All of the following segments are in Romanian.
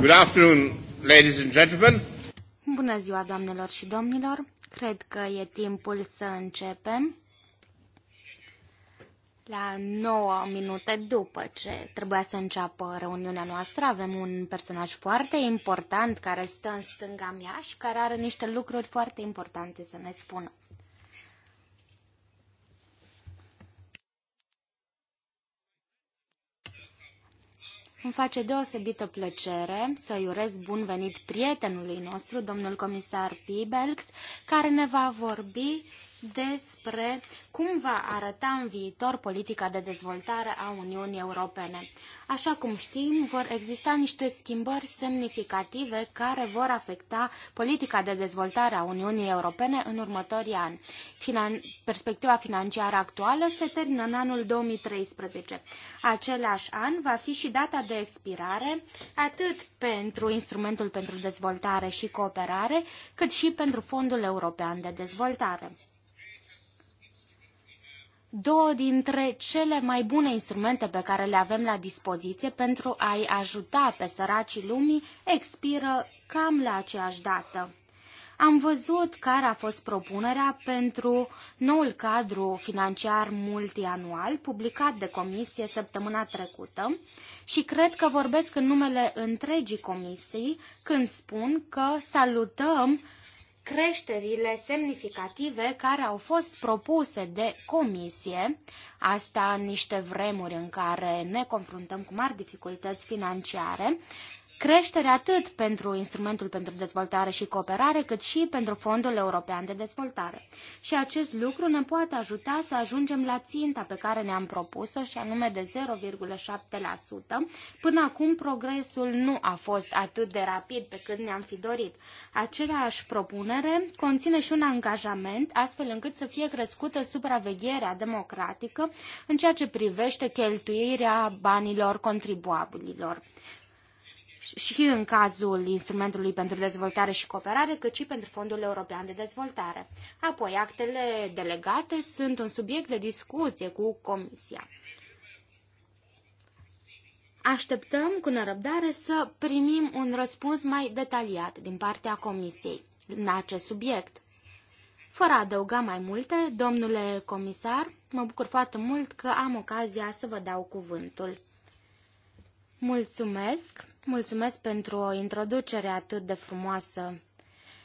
Good afternoon, ladies and gentlemen. Bună ziua, doamnelor și domnilor. Cred că e timpul să începem. La 9 minute după ce trebuia să înceapă reuniunea noastră, avem un personaj foarte important care stă în stânga mea și care are niște lucruri foarte importante să ne spună. Îmi face deosebită plăcere să-i urez bun venit prietenului nostru, domnul comisar Pibelx, care ne va vorbi despre cum va arăta în viitor politica de dezvoltare a Uniunii Europene. Așa cum știm, vor exista niște schimbări semnificative care vor afecta politica de dezvoltare a Uniunii Europene în următorii ani. Finan... Perspectiva financiară actuală se termină în anul 2013. Același an va fi și data de expirare atât pentru instrumentul pentru dezvoltare și cooperare, cât și pentru Fondul European de Dezvoltare două dintre cele mai bune instrumente pe care le avem la dispoziție pentru a-i ajuta pe săracii lumii expiră cam la aceeași dată. Am văzut care a fost propunerea pentru noul cadru financiar multianual publicat de comisie săptămâna trecută și cred că vorbesc în numele întregii comisii când spun că salutăm uh, creșterile semnificative care au fost propuse de comisie, asta în niște vremuri în care ne confruntăm cu mari dificultăți financiare, creștere atât pentru instrumentul pentru dezvoltare și cooperare, cât și pentru fondul european de dezvoltare. Și acest lucru ne poate ajuta să ajungem la ținta pe care ne-am propus-o și anume de 0,7%. Până acum progresul nu a fost atât de rapid pe cât ne-am fi dorit. Aceleași propunere conține și un angajament astfel încât să fie crescută supravegherea democratică în ceea ce privește cheltuirea banilor contribuabililor și în cazul instrumentului pentru dezvoltare și cooperare, cât și pentru Fondul European de Dezvoltare. Apoi, actele delegate sunt un subiect de discuție cu Comisia. Așteptăm cu nerăbdare să primim un răspuns mai detaliat din partea Comisiei în acest subiect. Fără a adăuga mai multe, domnule comisar, mă bucur foarte mult că am ocazia să vă dau cuvântul. Mulțumesc! Mulțumesc pentru o introducere atât de frumoasă.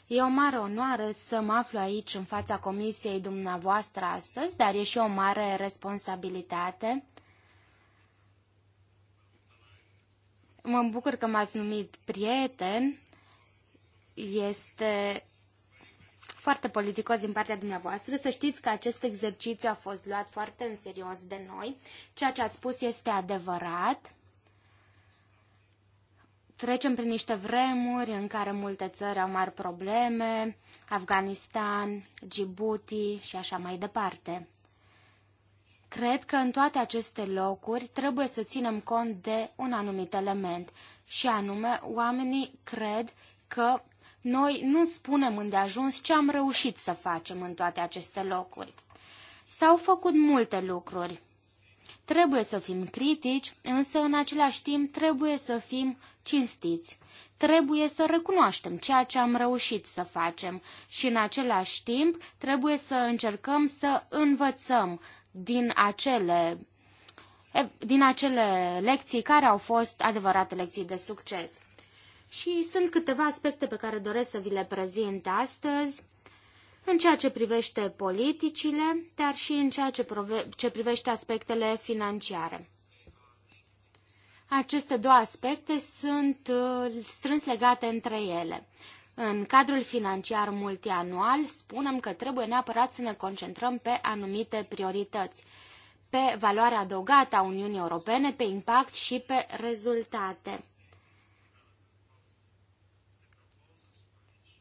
E o mare onoare să mă aflu aici în fața comisiei dumneavoastră astăzi, dar e și o mare responsabilitate. Mă bucur că m-ați numit prieten. Este foarte politicos din partea dumneavoastră. Să știți că acest exercițiu a fost luat foarte în serios de noi. Ceea ce ați spus este adevărat. Trecem prin niște vremuri în care multe țări au mari probleme, Afganistan, Djibouti și așa mai departe. Cred că în toate aceste locuri trebuie să ținem cont de un anumit element, și anume oamenii cred că noi nu spunem îndeajuns ce am reușit să facem în toate aceste locuri. S-au făcut multe lucruri. Trebuie să fim critici, însă în același timp trebuie să fim cinstiți. Trebuie să recunoaștem ceea ce am reușit să facem și în același timp trebuie să încercăm să învățăm din acele, din acele lecții care au fost adevărate lecții de succes. Și sunt câteva aspecte pe care doresc să vi le prezint astăzi în ceea ce privește politicile, dar și în ceea ce, ce privește aspectele financiare. Aceste două aspecte sunt uh, strâns legate între ele. În cadrul financiar multianual spunem că trebuie neapărat să ne concentrăm pe anumite priorități, pe valoarea adăugată a Uniunii Europene, pe impact și pe rezultate.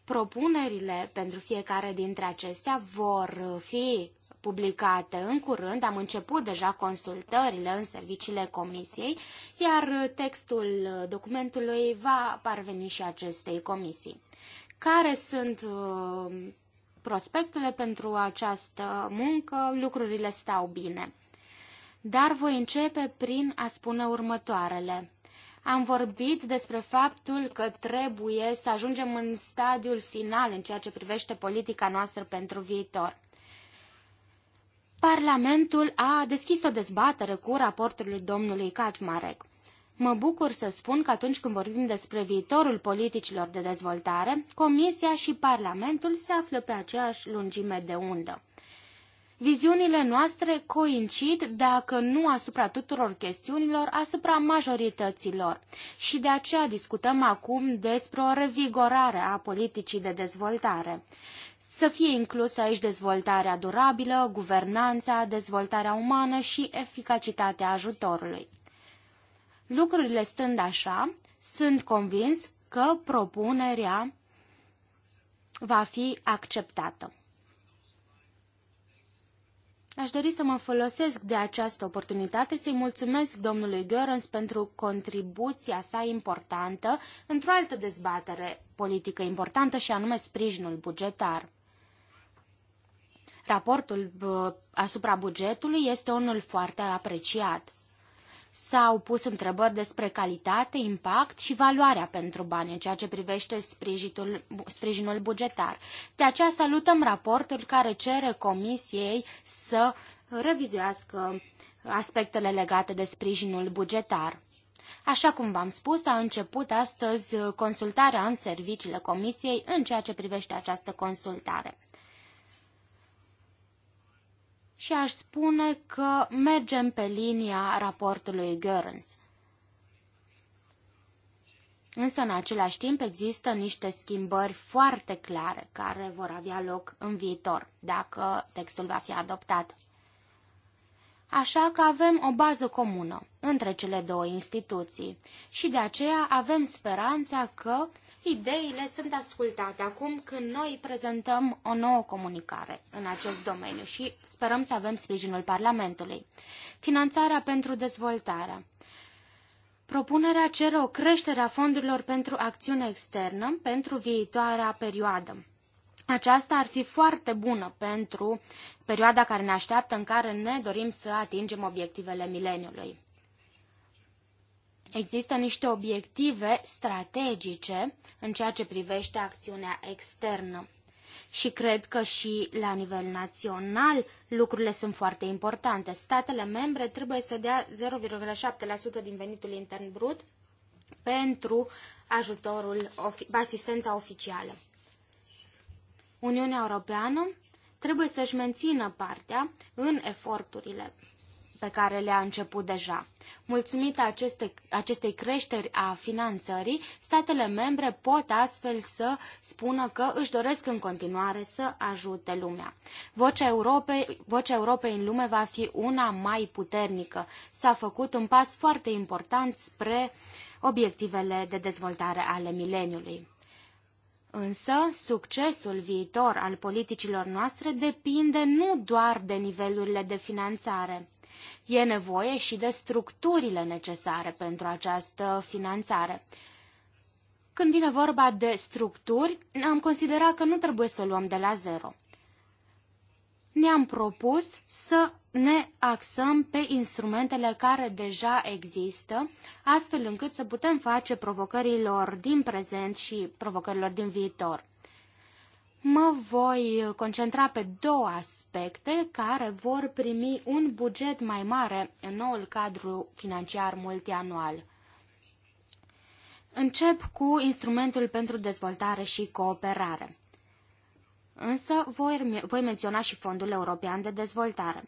Propunerile pentru fiecare dintre acestea vor fi publicate în curând, am început deja consultările în serviciile comisiei, iar textul documentului va parveni și acestei comisii. Care sunt uh, prospectele pentru această muncă? Lucrurile stau bine. Dar voi începe prin a spune următoarele am vorbit despre faptul că trebuie să ajungem în stadiul final în ceea ce privește politica noastră pentru viitor. Parlamentul a deschis o dezbatere cu raportul domnului Kaczmarek. Mă bucur să spun că atunci când vorbim despre viitorul politicilor de dezvoltare, Comisia și Parlamentul se află pe aceeași lungime de undă. Viziunile noastre coincid, dacă nu asupra tuturor chestiunilor, asupra majorităților. Și de aceea discutăm acum despre o revigorare a politicii de dezvoltare. Să fie inclusă aici dezvoltarea durabilă, guvernanța, dezvoltarea umană și eficacitatea ajutorului. Lucrurile stând așa, sunt convins că propunerea va fi acceptată. Aș dori să mă folosesc de această oportunitate să-i mulțumesc domnului Görens pentru contribuția sa importantă într-o altă dezbatere politică importantă și anume sprijinul bugetar. Raportul asupra bugetului este unul foarte apreciat. S-au pus întrebări despre calitate, impact și valoarea pentru bani, ceea ce privește sprijinul bugetar. De aceea salutăm raportul care cere Comisiei să revizuiască aspectele legate de sprijinul bugetar. Așa cum v-am spus, a început astăzi consultarea în serviciile Comisiei în ceea ce privește această consultare și aș spune că mergem pe linia raportului Görens. Însă, în același timp, există niște schimbări foarte clare care vor avea loc în viitor, dacă textul va fi adoptat. Așa că avem o bază comună între cele două instituții și de aceea avem speranța că ideile sunt ascultate acum când noi prezentăm o nouă comunicare în acest domeniu și sperăm să avem sprijinul Parlamentului. Finanțarea pentru dezvoltare. Propunerea cere o creștere a fondurilor pentru acțiune externă pentru viitoarea perioadă aceasta ar fi foarte bună pentru perioada care ne așteaptă în care ne dorim să atingem obiectivele mileniului. Există niște obiective strategice în ceea ce privește acțiunea externă. Și cred că și la nivel național lucrurile sunt foarte importante. Statele membre trebuie să dea 0,7% din venitul intern brut pentru ajutorul, asistența oficială. Uniunea Europeană trebuie să-și mențină partea în eforturile pe care le-a început deja. Mulțumită aceste, acestei creșteri a finanțării, statele membre pot astfel să spună că își doresc în continuare să ajute lumea. Vocea Europei, vocea Europei în lume va fi una mai puternică. S-a făcut un pas foarte important spre obiectivele de dezvoltare ale mileniului. Însă, succesul viitor al politicilor noastre depinde nu doar de nivelurile de finanțare. E nevoie și de structurile necesare pentru această finanțare. Când vine vorba de structuri, am considerat că nu trebuie să o luăm de la zero. Ne-am propus să ne axăm pe instrumentele care deja există, astfel încât să putem face provocărilor din prezent și provocărilor din viitor. Mă voi concentra pe două aspecte care vor primi un buget mai mare în noul cadru financiar multianual. Încep cu instrumentul pentru dezvoltare și cooperare. Însă voi, voi menționa și Fondul European de Dezvoltare.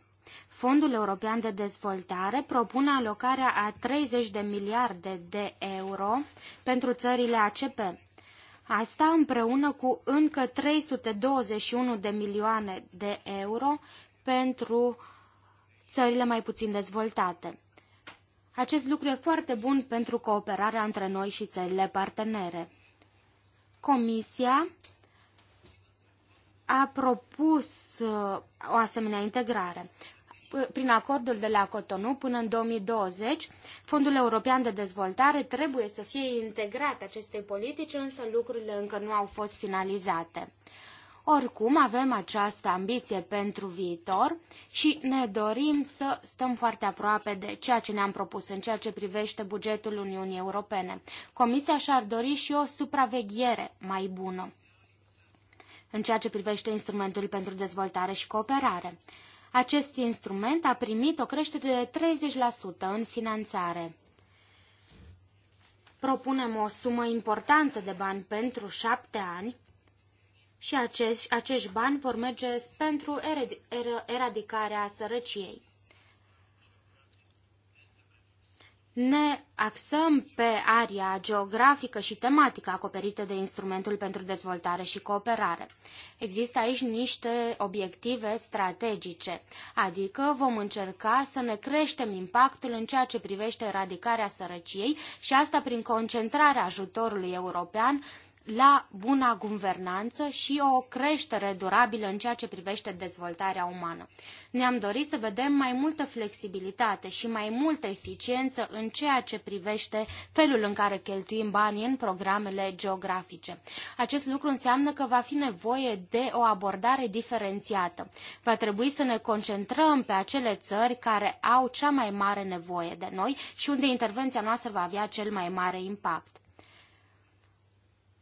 Fondul European de Dezvoltare propune alocarea a 30 de miliarde de euro pentru țările ACP. Asta împreună cu încă 321 de milioane de euro pentru țările mai puțin dezvoltate. Acest lucru e foarte bun pentru cooperarea între noi și țările partenere. Comisia a propus uh, o asemenea integrare prin acordul de la Cotonou până în 2020, Fondul European de Dezvoltare trebuie să fie integrat acestei politici, însă lucrurile încă nu au fost finalizate. Oricum, avem această ambiție pentru viitor și ne dorim să stăm foarte aproape de ceea ce ne-am propus în ceea ce privește bugetul Uniunii Europene. Comisia și-ar dori și o supraveghere mai bună în ceea ce privește instrumentul pentru dezvoltare și cooperare. Acest instrument a primit o creștere de 30% în finanțare. Propunem o sumă importantă de bani pentru șapte ani și acești, acești bani vor merge pentru er- eradicarea sărăciei. ne axăm pe aria geografică și tematică acoperită de instrumentul pentru dezvoltare și cooperare. Există aici niște obiective strategice, adică vom încerca să ne creștem impactul în ceea ce privește eradicarea sărăciei și asta prin concentrarea ajutorului european la buna guvernanță și o creștere durabilă în ceea ce privește dezvoltarea umană. Ne-am dorit să vedem mai multă flexibilitate și mai multă eficiență în ceea ce privește felul în care cheltuim banii în programele geografice. Acest lucru înseamnă că va fi nevoie de o abordare diferențiată. Va trebui să ne concentrăm pe acele țări care au cea mai mare nevoie de noi și unde intervenția noastră va avea cel mai mare impact.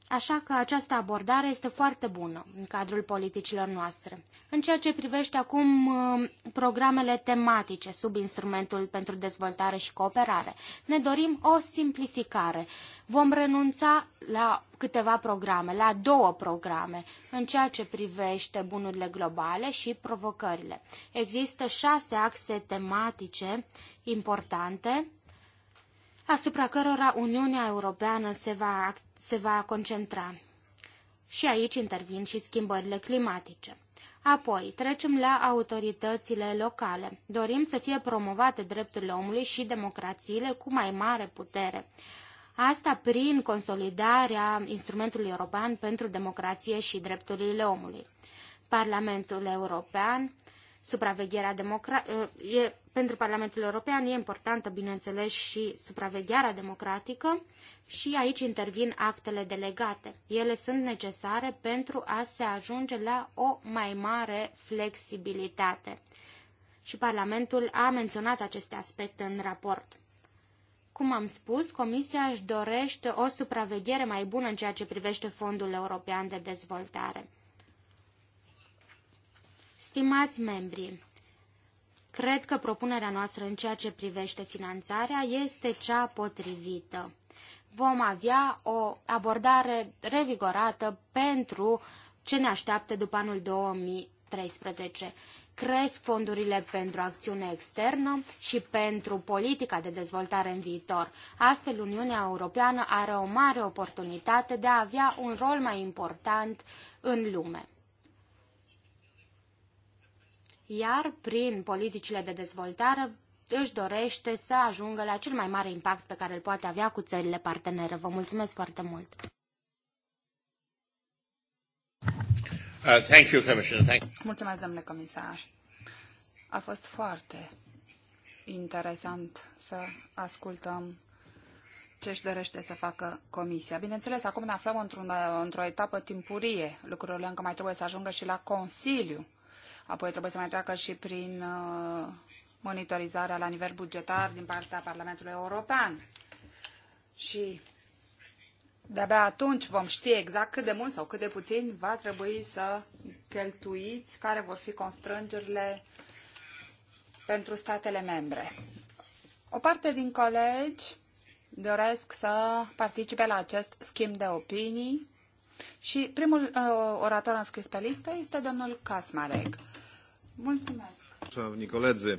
Așa că această abordare este foarte bună în cadrul politicilor noastre. În ceea ce privește acum uh, programele tematice sub instrumentul pentru dezvoltare și cooperare, ne dorim o simplificare. Vom renunța la câteva programe, la două programe, în ceea ce privește bunurile globale și provocările. Există șase axe tematice importante asupra cărora Uniunea Europeană se va activa se va concentra. Și aici intervin și schimbările climatice. Apoi, trecem la autoritățile locale. Dorim să fie promovate drepturile omului și democrațiile cu mai mare putere. Asta prin consolidarea instrumentului european pentru democrație și drepturile omului. Parlamentul European, supravegherea democra- e pentru Parlamentul European e importantă, bineînțeles, și supravegherea democratică și aici intervin actele delegate. Ele sunt necesare pentru a se ajunge la o mai mare flexibilitate. Și Parlamentul a menționat aceste aspecte în raport. Cum am spus, Comisia își dorește o supraveghere mai bună în ceea ce privește Fondul European de Dezvoltare. Stimați membri, Cred că propunerea noastră în ceea ce privește finanțarea este cea potrivită. Vom avea o abordare revigorată pentru ce ne așteaptă după anul 2013 cresc fondurile pentru acțiune externă și pentru politica de dezvoltare în viitor. Astfel, Uniunea Europeană are o mare oportunitate de a avea un rol mai important în lume iar prin politicile de dezvoltare își dorește să ajungă la cel mai mare impact pe care îl poate avea cu țările partenere. Vă mulțumesc foarte mult! Uh, thank you, Commissioner. Thank you. Mulțumesc, domnule comisar. A fost foarte interesant să ascultăm ce își dorește să facă Comisia. Bineînțeles, acum ne aflăm într-o într etapă timpurie. Lucrurile încă mai trebuie să ajungă și la Consiliu apoi trebuie să mai treacă și prin uh, monitorizarea la nivel bugetar din partea Parlamentului European. Și de-abia atunci vom ști exact cât de mult sau cât de puțin va trebui să cheltuiți, care vor fi constrângerile pentru statele membre. O parte din colegi doresc să participe la acest schimb de opinii și primul uh, orator înscris pe listă este domnul Casmarec. Mulțumesc. Szanowni koledzy.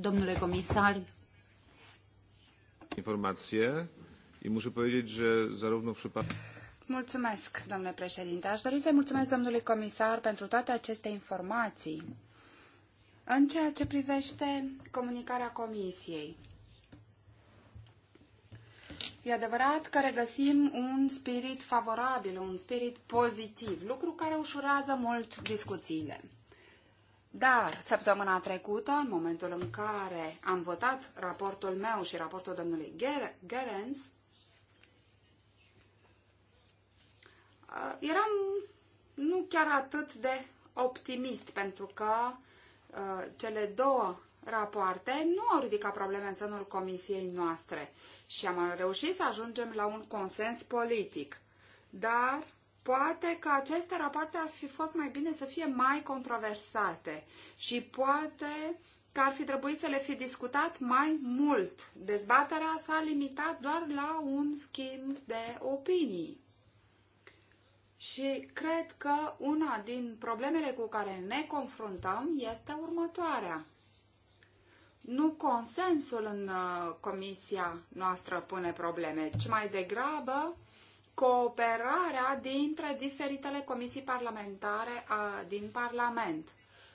Domnule comisar. Informație. I muszę powiedzieć, że zarówno w przypadku... Mulțumesc, domnule președinte. Aș dori să-i mulțumesc domnului comisar pentru toate aceste informații. În ceea ce privește comunicarea comisiei, E adevărat că regăsim un spirit favorabil, un spirit pozitiv, lucru care ușurează mult discuțiile. Dar săptămâna trecută, în momentul în care am votat raportul meu și raportul domnului Gerens, uh, eram nu chiar atât de optimist, pentru că uh, cele două rapoarte nu au ridicat probleme în sânul comisiei noastre și am reușit să ajungem la un consens politic. Dar poate că aceste rapoarte ar fi fost mai bine să fie mai controversate și poate că ar fi trebuit să le fi discutat mai mult. Dezbaterea s-a limitat doar la un schimb de opinii. Și cred că una din problemele cu care ne confruntăm este următoarea nu consensul în uh, comisia noastră pune probleme, ci mai degrabă cooperarea dintre diferitele comisii parlamentare a, din Parlament.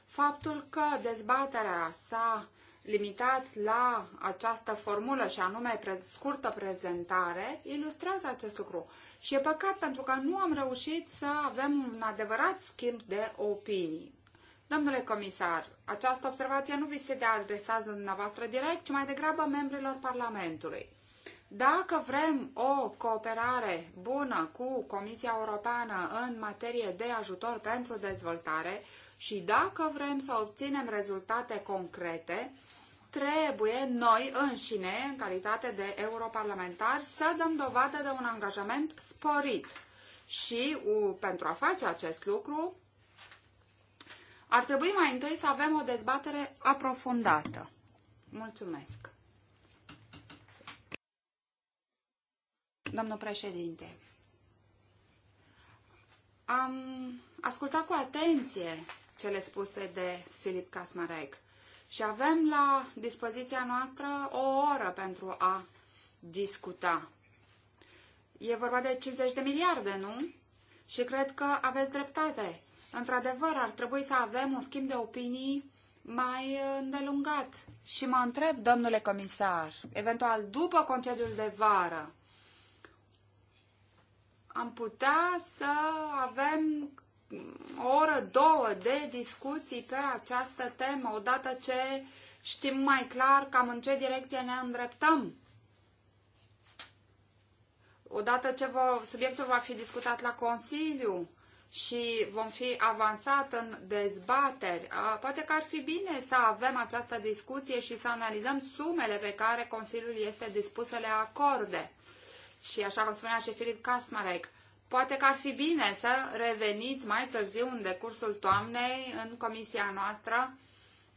Faptul că dezbaterea s-a limitat la această formulă și anume pre- scurtă prezentare, ilustrează acest lucru. Și e păcat pentru că nu am reușit să avem un adevărat schimb de opinii. Domnule comisar, această observație nu vi se de adresează dumneavoastră direct, ci mai degrabă membrilor Parlamentului. Dacă vrem o cooperare bună cu Comisia Europeană în materie de ajutor pentru dezvoltare și dacă vrem să obținem rezultate concrete, trebuie noi înșine, în calitate de europarlamentari, să dăm dovadă de un angajament sporit. Și pentru a face acest lucru, ar trebui mai întâi să avem o dezbatere aprofundată. Mulțumesc. Domnul președinte, am ascultat cu atenție cele spuse de Filip Casmarec și avem la dispoziția noastră o oră pentru a discuta. E vorba de 50 de miliarde, nu? Și cred că aveți dreptate într-adevăr, ar trebui să avem un schimb de opinii mai îndelungat. Și mă întreb, domnule comisar, eventual după concediul de vară, am putea să avem o oră, două de discuții pe această temă, odată ce știm mai clar cam în ce direcție ne îndreptăm. Odată ce subiectul va fi discutat la Consiliu, și vom fi avansat în dezbateri. Poate că ar fi bine să avem această discuție și să analizăm sumele pe care Consiliul este dispus să le acorde. Și așa cum spunea și Filip Kasmarek, poate că ar fi bine să reveniți mai târziu în decursul toamnei în comisia noastră.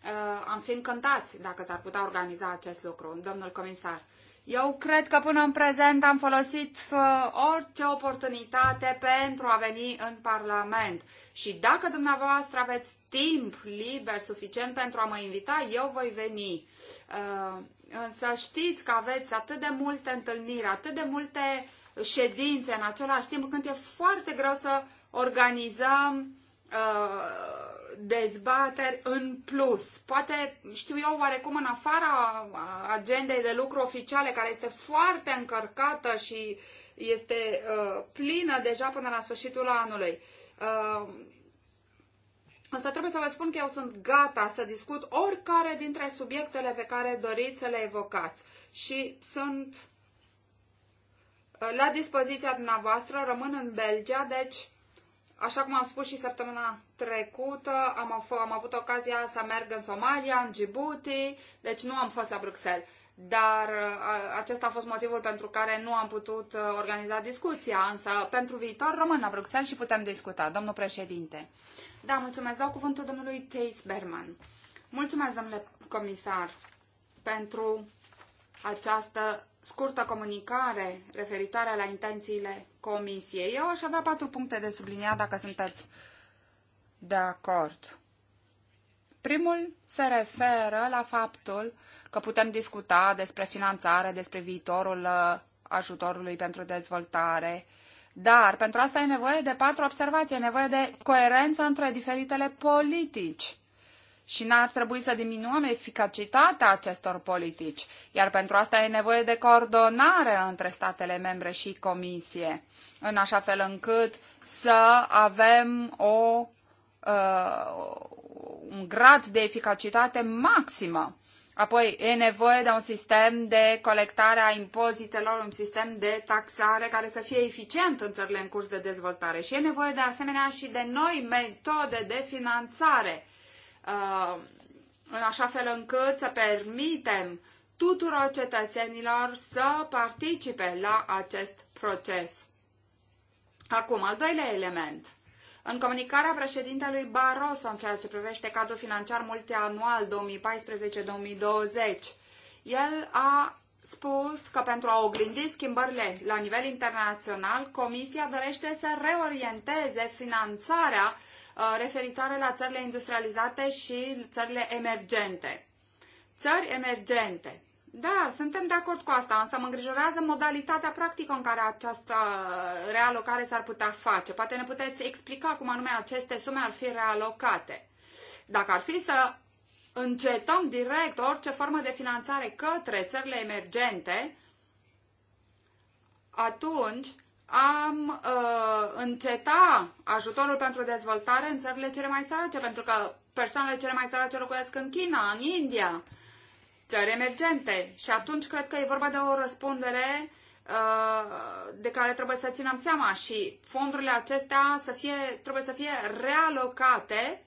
Uh, am fi încântați dacă s-ar putea organiza acest lucru, domnul comisar. Eu cred că până în prezent am folosit uh, orice oportunitate pentru a veni în Parlament. Și dacă dumneavoastră aveți timp liber suficient pentru a mă invita, eu voi veni. Uh, însă știți că aveți atât de multe întâlniri, atât de multe ședințe în același timp, când e foarte greu să organizăm uh, dezbateri în plus. Poate, știu eu, oarecum în afara agendei de lucru oficiale, care este foarte încărcată și este uh, plină deja până la sfârșitul anului. Uh, Însă trebuie să vă spun că eu sunt gata să discut oricare dintre subiectele pe care doriți să le evocați. Și sunt uh, la dispoziția dumneavoastră, rămân în Belgia, deci Așa cum am spus și săptămâna trecută, am, am avut ocazia să merg în Somalia, în Djibouti, deci nu am fost la Bruxelles. Dar acesta a fost motivul pentru care nu am putut uh, organiza discuția, însă pentru viitor rămân la Bruxelles și putem discuta, domnul președinte. Da, mulțumesc. Dau cuvântul domnului Teis Berman. Mulțumesc, domnule comisar, pentru această scurtă comunicare referitoare la intențiile comisiei. Eu aș avea patru puncte de subliniat dacă sunteți de acord. Primul se referă la faptul că putem discuta despre finanțare, despre viitorul uh, ajutorului pentru dezvoltare, dar pentru asta e nevoie de patru observații, e nevoie de coerență între diferitele politici și n-ar trebui să diminuăm eficacitatea acestor politici, iar pentru asta e nevoie de coordonare între statele membre și Comisie, în așa fel încât să avem o, uh, un grad de eficacitate maximă. Apoi e nevoie de un sistem de colectare a impozitelor, un sistem de taxare care să fie eficient în țările în curs de dezvoltare și e nevoie de asemenea și de noi metode de finanțare Uh, în așa fel încât să permitem tuturor cetățenilor să participe la acest proces. Acum, al doilea element. În comunicarea președintelui Barroso în ceea ce privește cadrul financiar multianual 2014-2020, el a spus că pentru a oglindi schimbările la nivel internațional, Comisia dorește să reorienteze finanțarea Uh, referitoare la țările industrializate și țările emergente. Țări emergente. Da, suntem de acord cu asta, însă mă îngrijorează modalitatea practică în care această realocare s-ar putea face. Poate ne puteți explica cum anume aceste sume ar fi realocate. Dacă ar fi să încetăm direct orice formă de finanțare către țările emergente, atunci am uh, înceta ajutorul pentru dezvoltare în țările cele mai sărace, pentru că persoanele cele mai sărace locuiesc în China, în India, țări emergente. Și atunci cred că e vorba de o răspundere uh, de care trebuie să ținem seama și fondurile acestea să fie, trebuie să fie realocate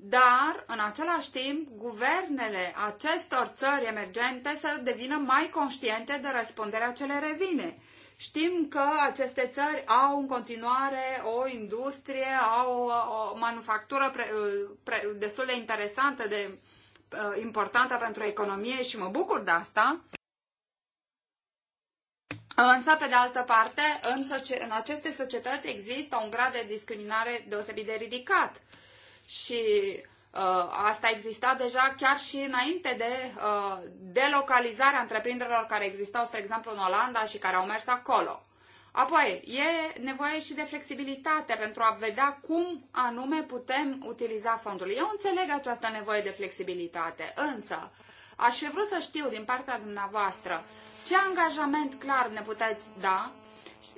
dar, în același timp, guvernele acestor țări emergente să devină mai conștiente de răspunderea ce le revine. Știm că aceste țări au în continuare o industrie, au o, manufactură pre, pre, destul de interesantă, de uh, importantă pentru economie și mă bucur de asta. Însă, pe de altă parte, în, soci- în aceste societăți există un grad de discriminare deosebit de ridicat. Și Uh, asta exista deja chiar și înainte de uh, delocalizarea întreprinderilor care existau, spre exemplu, în Olanda și care au mers acolo. Apoi, e nevoie și de flexibilitate pentru a vedea cum anume putem utiliza fondul. Eu înțeleg această nevoie de flexibilitate, însă aș fi vrut să știu din partea dumneavoastră ce angajament clar ne puteți da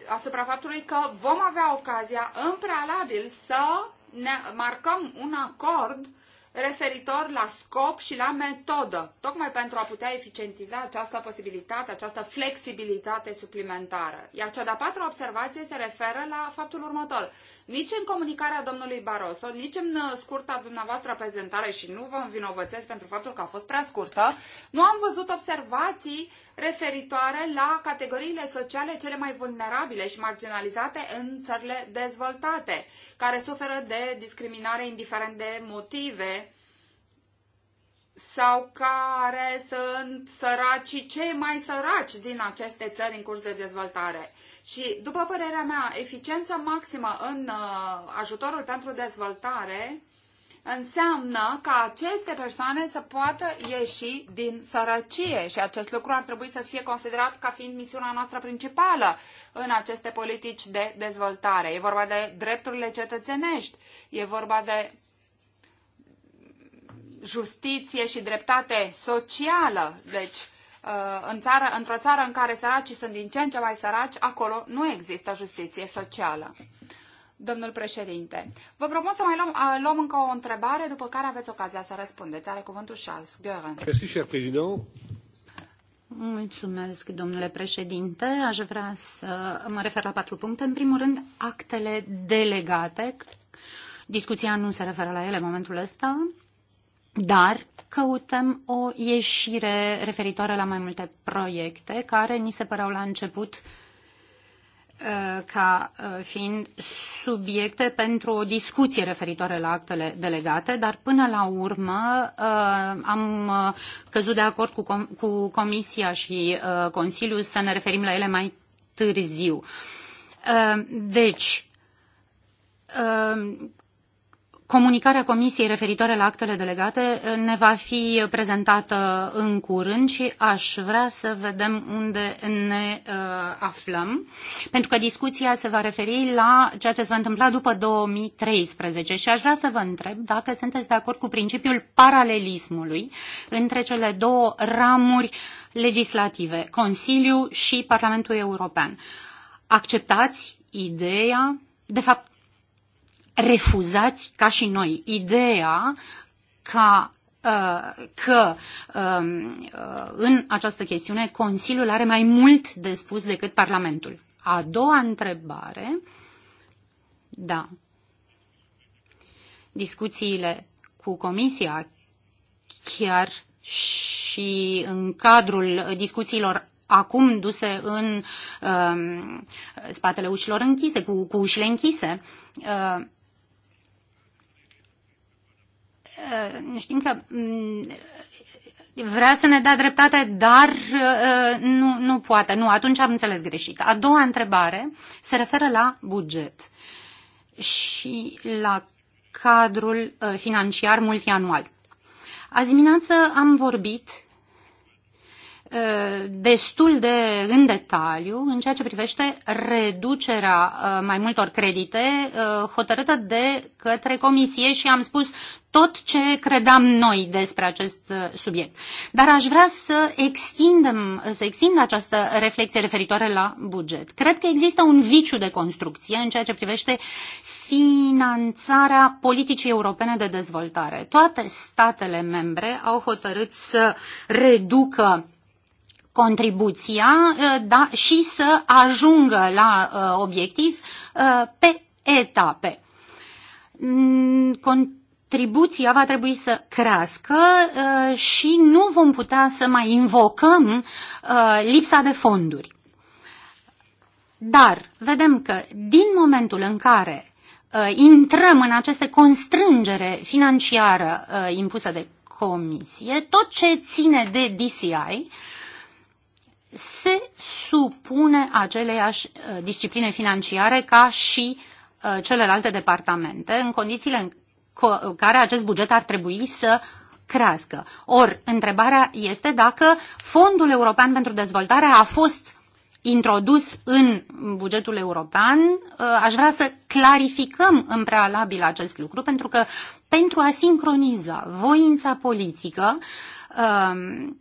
asupra faptului că vom avea ocazia în prealabil să ne marcăm un acord referitor la scop și la metodă, tocmai pentru a putea eficientiza această posibilitate, această flexibilitate suplimentară. Iar cea de-a patra observație se referă la faptul următor. Nici în comunicarea domnului Barroso, nici în uh, scurta dumneavoastră prezentare, și nu vă învinovățesc pentru faptul că a fost prea scurtă, nu am văzut observații referitoare la categoriile sociale cele mai vulnerabile și marginalizate în țările dezvoltate, care suferă de discriminare indiferent de motive, sau care sunt săraci, cei mai săraci din aceste țări în curs de dezvoltare. Și, după părerea mea, eficiența maximă în uh, ajutorul pentru dezvoltare înseamnă ca aceste persoane să poată ieși din sărăcie și acest lucru ar trebui să fie considerat ca fiind misiunea noastră principală în aceste politici de dezvoltare. E vorba de drepturile cetățenești, e vorba de justiție și dreptate socială. Deci, uh, în țară, într-o țară în care săracii sunt din ce în ce mai săraci, acolo nu există justiție socială. Domnul președinte, vă propun să mai luăm, uh, luăm încă o întrebare, după care aveți ocazia să răspundeți. Are cuvântul Charles Gören. Mulțumesc, domnule președinte. Aș vrea să mă refer la patru puncte. În primul rând, actele delegate. Discuția nu se referă la ele în momentul ăsta dar căutăm o ieșire referitoare la mai multe proiecte care ni se păreau la început uh, ca uh, fiind subiecte pentru o discuție referitoare la actele delegate, dar până la urmă uh, am căzut de acord cu, Comisia și Consiliul să ne referim la ele mai târziu. Deci, Comunicarea Comisiei referitoare la actele delegate uh, ne va fi prezentată în curând și aș vrea să vedem unde ne uh, aflăm, pentru că discuția se va referi la ceea ce se va întâmpla după 2013 și aș vrea să vă întreb dacă sunteți de acord cu principiul paralelismului între cele două ramuri legislative, Consiliu și Parlamentul European. Acceptați ideea de fapt, refuzați ca și noi ideea ca uh, că um, uh, în această chestiune Consiliul are mai mult de spus decât Parlamentul. A doua întrebare, da, discuțiile cu Comisia chiar și în cadrul discuțiilor acum duse în um, spatele ușilor închise, cu, cu ușile închise, uh, Uh, știm că mm, vrea să ne dea dreptate, dar uh, nu, nu poate. Nu, atunci am înțeles greșit. A doua întrebare se referă la buget și la cadrul uh, financiar multianual. Azi dimineață am vorbit Uh, destul de în detaliu în ceea ce privește reducerea uh, mai multor credite uh, hotărâtă de către comisie și am spus tot ce credeam noi despre acest subiect. Dar aș vrea să extindem, să extind această reflexie referitoare la buget. Cred că există un viciu de construcție în ceea ce privește finanțarea politicii europene de dezvoltare. Toate statele membre au hotărât să reducă contribuția uh, da, și să ajungă la uh, obiectiv uh, pe etape. Mm, contribuția va trebui să crească și nu vom putea să mai invocăm lipsa de fonduri. Dar vedem că din momentul în care intrăm în aceste constrângere financiară impusă de comisie, tot ce ține de DCI se supune aceleiași uh, discipline financiare ca și uh, celelalte departamente, în condițiile în care acest buget ar trebui să crească. Or, întrebarea este dacă Fondul European pentru Dezvoltare a fost introdus în bugetul european, uh, aș vrea să clarificăm în prealabil acest lucru, pentru că pentru a sincroniza voința politică, um,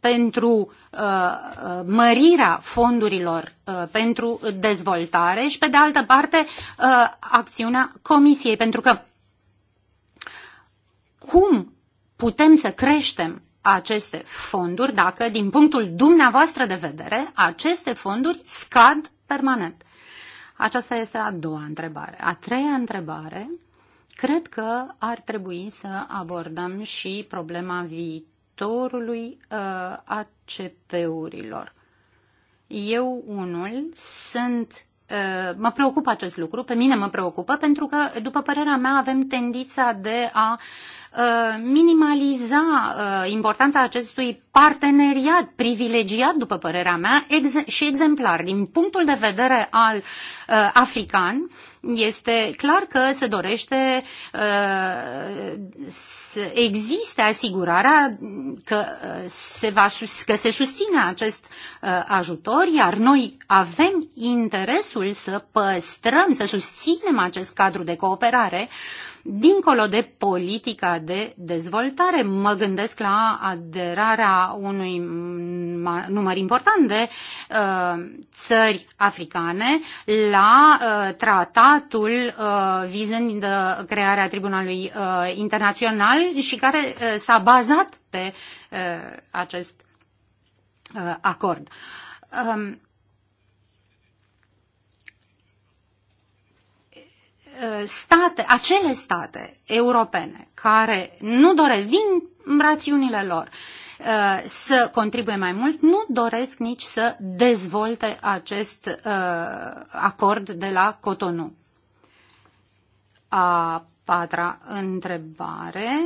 pentru uh, uh, mărirea fondurilor uh, pentru dezvoltare și, pe de altă parte, uh, acțiunea Comisiei. Pentru că cum putem să creștem aceste fonduri dacă, din punctul dumneavoastră de vedere, aceste fonduri scad permanent? Aceasta este a doua întrebare. A treia întrebare, cred că ar trebui să abordăm și problema viitoare uh, ACP-urilor. Eu unul sunt uh, mă preocupă acest lucru, pe mine mă preocupă, pentru că, după părerea mea, avem tendința de a Uh, minimaliza uh, importanța acestui parteneriat privilegiat, după părerea mea, și exemplar. Din punctul de vedere al uh, african, este clar că se dorește să existe asigurarea că se, va, că se susține acest ajutor, iar noi avem interesul să păstrăm, să susținem acest cadru de cooperare dincolo de politica de dezvoltare. Mă gândesc la aderarea unui număr important de uh, țări africane la uh, tratatul uh, vizând uh, crearea Tribunalului uh, Internațional și care uh, s-a bazat pe uh, acest uh, acord. Um, Uh, state, acele state europene care nu doresc din rațiunile lor uh, să contribuie mai mult, nu doresc nici să dezvolte acest uh, acord de la Cotonou. A patra întrebare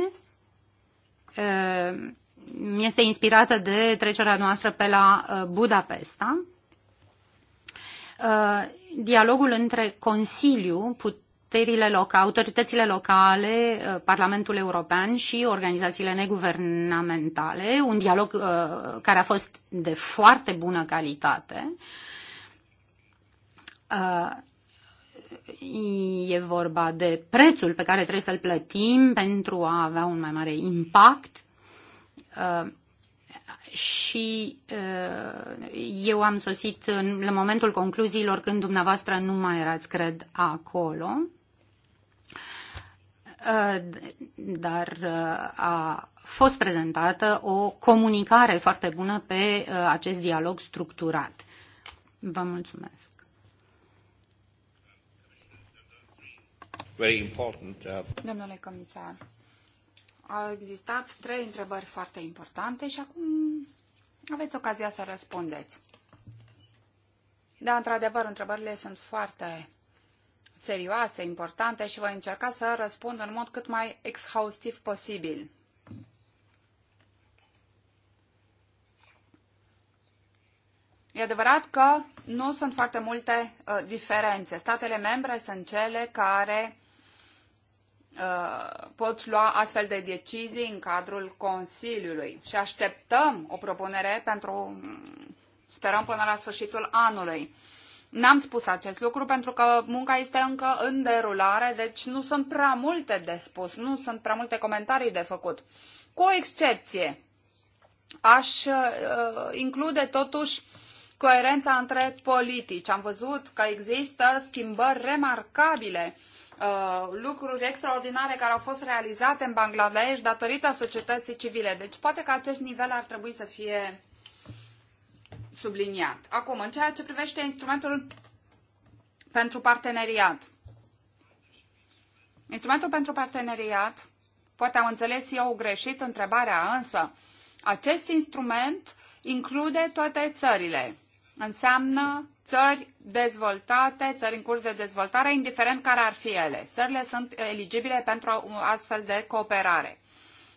este inspirată de trecerea noastră pe la Budapesta dialogul între Consiliu put, puterile locale, autoritățile locale, uh, Parlamentul European și organizațiile neguvernamentale, un dialog uh, care a fost de foarte bună calitate. Uh, e vorba de prețul pe care trebuie să-l plătim pentru a avea un mai mare impact și eu am sosit în, la momentul concluziilor când dumneavoastră nu mai erați, cred, acolo. Uh, dar uh, a fost prezentată o comunicare foarte bună pe uh, acest dialog structurat. Vă mulțumesc. Very important. Domnule comisar, au existat trei întrebări foarte importante și acum aveți ocazia să răspundeți. Da, într-adevăr, întrebările sunt foarte serioase, importante și voi încerca să răspund în mod cât mai exhaustiv posibil. E adevărat că nu sunt foarte multe uh, diferențe. Statele membre sunt cele care uh, pot lua astfel de decizii în cadrul Consiliului și așteptăm o propunere pentru, mm, sperăm până la sfârșitul anului. N-am spus acest lucru pentru că munca este încă în derulare, deci nu sunt prea multe de spus, nu sunt prea multe comentarii de făcut. Cu o excepție, aș uh, include totuși coerența între politici. Am văzut că există schimbări remarcabile Uh, lucruri extraordinare care au fost realizate în Bangladesh datorită societății civile. Deci poate că acest nivel ar trebui să fie subliniat. Acum, în ceea ce privește instrumentul pentru parteneriat. Instrumentul pentru parteneriat, poate am înțeles eu greșit întrebarea, însă acest instrument include toate țările. Înseamnă țări dezvoltate, țări în curs de dezvoltare, indiferent care ar fi ele. Țările sunt eligibile pentru astfel de cooperare.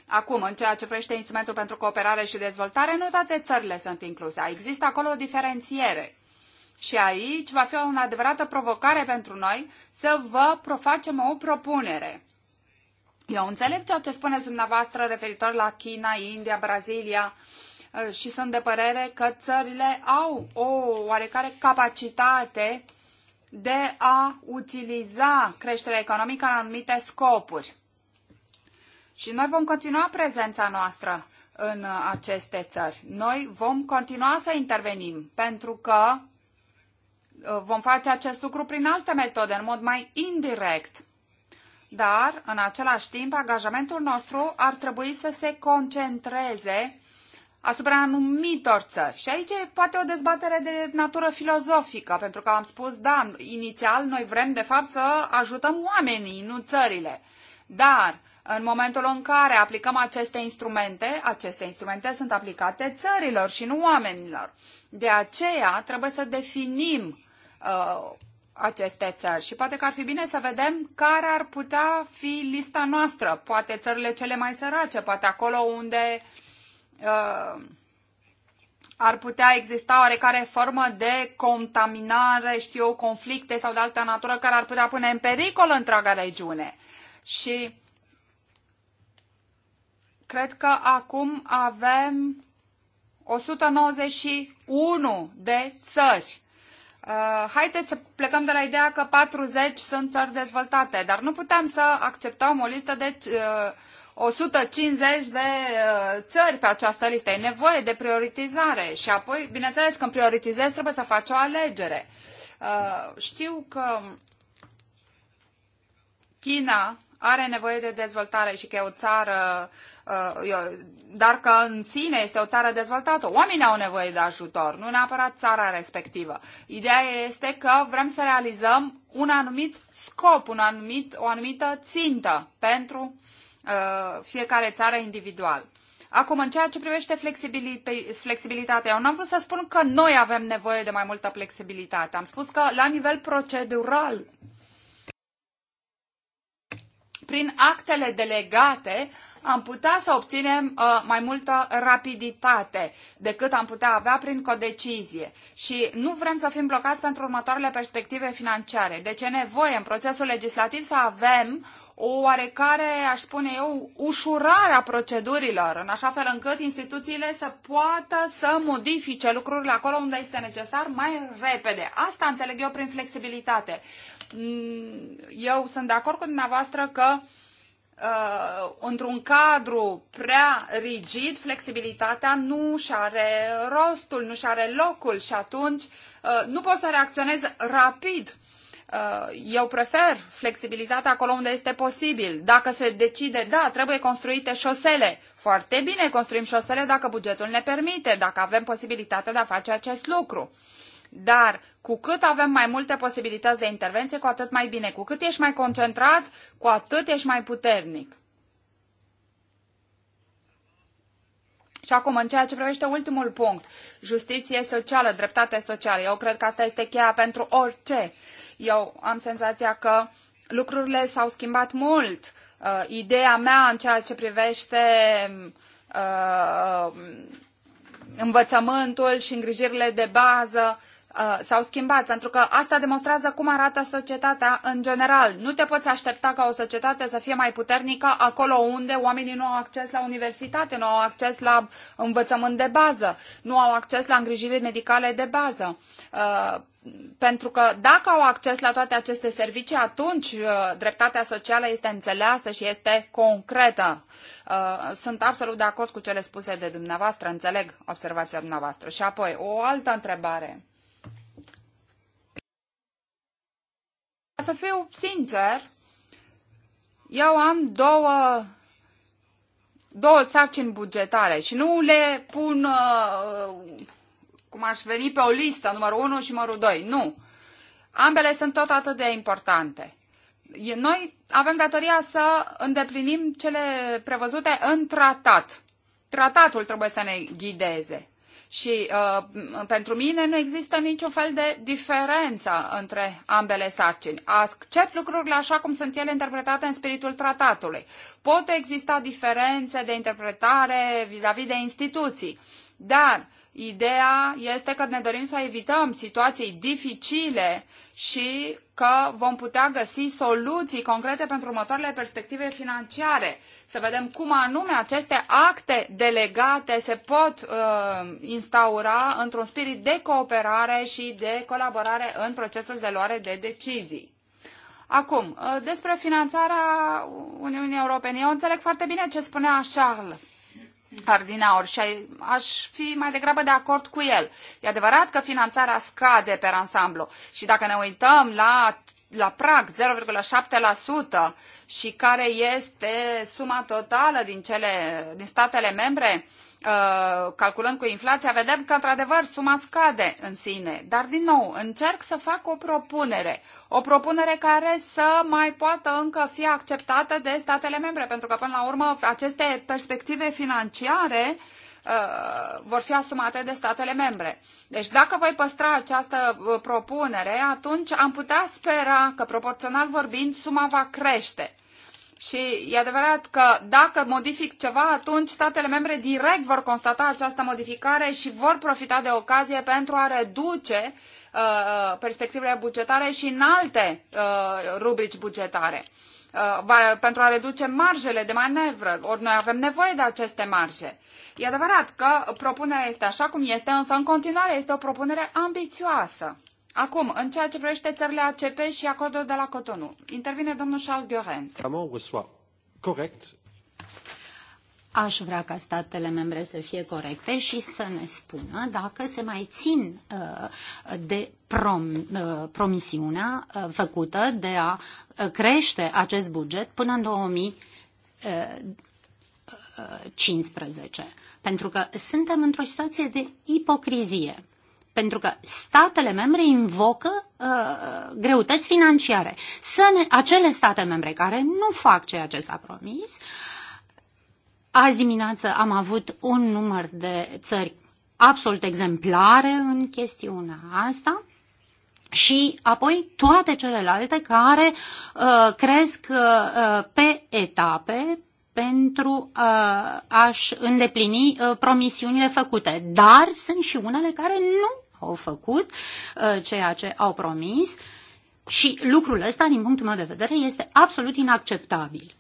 Acum, în ceea ce privește instrumentul pentru cooperare și dezvoltare, nu toate țările sunt incluse. Există acolo o diferențiere. Și aici va fi o adevărată provocare pentru noi să vă facem o propunere. Eu înțeleg ceea ce spuneți dumneavoastră referitor la China, India, Brazilia eh, și sunt de părere că țările au o oarecare capacitate de a utiliza creșterea economică în anumite scopuri. Și noi vom continua prezența noastră în aceste țări. Noi vom continua să intervenim pentru că uh, vom face acest lucru prin alte metode, în mod mai indirect. Dar, în același timp, angajamentul nostru ar trebui să se concentreze asupra anumitor țări. Și aici e poate o dezbatere de natură filozofică, pentru că am spus, da, inițial noi vrem, de fapt, să ajutăm oamenii, nu țările. Dar, uh, în momentul în care aplicăm aceste instrumente, aceste instrumente sunt aplicate țărilor și nu oamenilor. De aceea trebuie să definim uh, aceste țări și poate că ar fi bine să vedem care ar putea fi lista noastră. Poate țările cele mai sărace, poate acolo unde uh, ar putea exista oarecare formă de contaminare, știu eu, conflicte sau de altă natură care ar putea pune în pericol întreaga regiune. Și Cred că acum avem 191 de țări. Uh, haideți să plecăm de la ideea că 40 sunt țări dezvoltate, dar nu putem să acceptăm o listă de 150 uh, de uh, țări pe această listă. E nevoie de prioritizare și apoi, bineînțeles, când prioritizezi trebuie să faci o alegere. știu că China are nevoie de dezvoltare și că e o țară, uh, dar că în sine este o țară dezvoltată. Oamenii au nevoie de ajutor, nu neapărat țara respectivă. Ideea este că vrem să realizăm un anumit scop, un anumit, o anumită țintă pentru uh, fiecare țară individual. Acum, în ceea ce privește flexibilitatea, eu n-am vrut să spun că noi avem nevoie de mai multă flexibilitate. Am spus că la nivel procedural prin actele delegate am putea să obținem uh, mai multă rapiditate decât am putea avea prin codecizie. Și nu vrem să fim blocați pentru următoarele perspective financiare. Deci e nevoie în procesul legislativ să avem o oarecare, aș spune eu, ușurare a procedurilor, în așa fel încât instituțiile să poată să modifice lucrurile acolo unde este necesar mai repede. Asta înțeleg eu prin flexibilitate. Mm, eu sunt de acord cu dumneavoastră că uh, într-un cadru prea rigid, flexibilitatea nu și are rostul, nu și are locul și atunci uh, nu poți să reacționezi rapid. Uh, eu prefer flexibilitatea acolo unde este posibil. Dacă se decide, da, trebuie construite șosele, foarte bine construim șosele dacă bugetul ne permite, dacă avem posibilitatea de a face acest lucru. Uh, dar cu cât avem mai multe posibilități de intervenție, cu atât mai bine. Cu cât ești mai concentrat, cu atât ești mai puternic. Și acum, în ceea ce privește ultimul punct, justiție socială, dreptate socială, eu cred că asta este cheia pentru orice. Eu am senzația că lucrurile s-au schimbat mult. Uh, ideea mea în ceea ce privește uh, uh învățământul și îngrijirile de bază Uh, s-au schimbat, pentru că asta demonstrează cum arată societatea în general. Nu te poți aștepta ca o societate să fie mai puternică acolo unde oamenii nu au acces la universitate, nu au acces la învățământ de bază, nu au acces la îngrijiri medicale de bază. Uh, pentru că dacă au acces la toate aceste servicii, atunci uh, dreptatea socială este înțeleasă și este concretă. Sunt absolut de acord cu cele spuse de dumneavoastră, înțeleg observația dumneavoastră. Și apoi, o altă întrebare. să fiu sincer, eu am două, două sarcini bugetare și nu le pun uh, cum aș veni pe o listă, numărul 1 și numărul 2. Nu. Ambele sunt tot atât de importante. Noi avem datoria să îndeplinim cele prevăzute în tratat. Tratatul trebuie să ne ghideze. Și uh, pentru mine nu există niciun fel de diferență între ambele sarcini. Accept lucrurile așa cum sunt ele interpretate în spiritul tratatului. Pot exista diferențe de interpretare vis-a-vis -vis de instituții, dar Ideea este că ne dorim să evităm situații dificile și că vom putea găsi soluții concrete pentru următoarele perspective financiare. Să vedem cum anume aceste acte delegate se pot uh, instaura într-un spirit de cooperare și de colaborare în procesul de luare de decizii. Acum, uh, despre finanțarea Uniunii Europene. Eu înțeleg foarte bine ce spunea Charles Cardinaur, și aș fi mai degrabă de acord cu el. E adevărat că finanțarea scade pe ansamblu și dacă ne uităm la la prag 0,7% și care este suma totală din, cele, din statele membre, Uh, calculând cu inflația, vedem că, într-adevăr, suma scade în sine. Dar, din nou, încerc să fac o propunere. O propunere care să mai poată încă fi acceptată de statele membre, pentru că, până la urmă, aceste perspective financiare uh, vor fi asumate de statele membre. Deci dacă voi păstra această uh, propunere, atunci am putea spera că, proporțional vorbind, suma va crește. Și e adevărat că dacă modific ceva, atunci statele membre direct vor constata această modificare și vor profita de ocazie pentru a reduce uh, uh perspectivele bugetare și în alte uh, rubrici bugetare uh, pentru a reduce marjele de manevră. Ori noi avem nevoie de aceste marje. E adevărat că propunerea este așa cum este, însă în continuare este o propunere ambițioasă. Acum, în ceea ce privește țările ACP și acordul de la Cotonou, intervine domnul Charles Goerens. corect. Aș vrea ca statele membre să fie corecte și să ne spună dacă se mai țin uh, de prom, uh, promisiunea uh, făcută de a crește acest buget până în 2015. Pentru că suntem într-o situație de ipocrizie pentru că statele membre invocă uh, greutăți financiare. Să ne, acele state membre care nu fac ceea ce s-a promis, azi dimineață am avut un număr de țări absolut exemplare în chestiunea asta, și apoi toate celelalte care uh, cresc uh, uh pe etape pentru uh, a-și îndeplini uh, promisiunile făcute. Dar sunt și unele care nu au făcut, uh, ceea ce au promis și lucrul ăsta, din punctul meu de vedere, este absolut inacceptabil.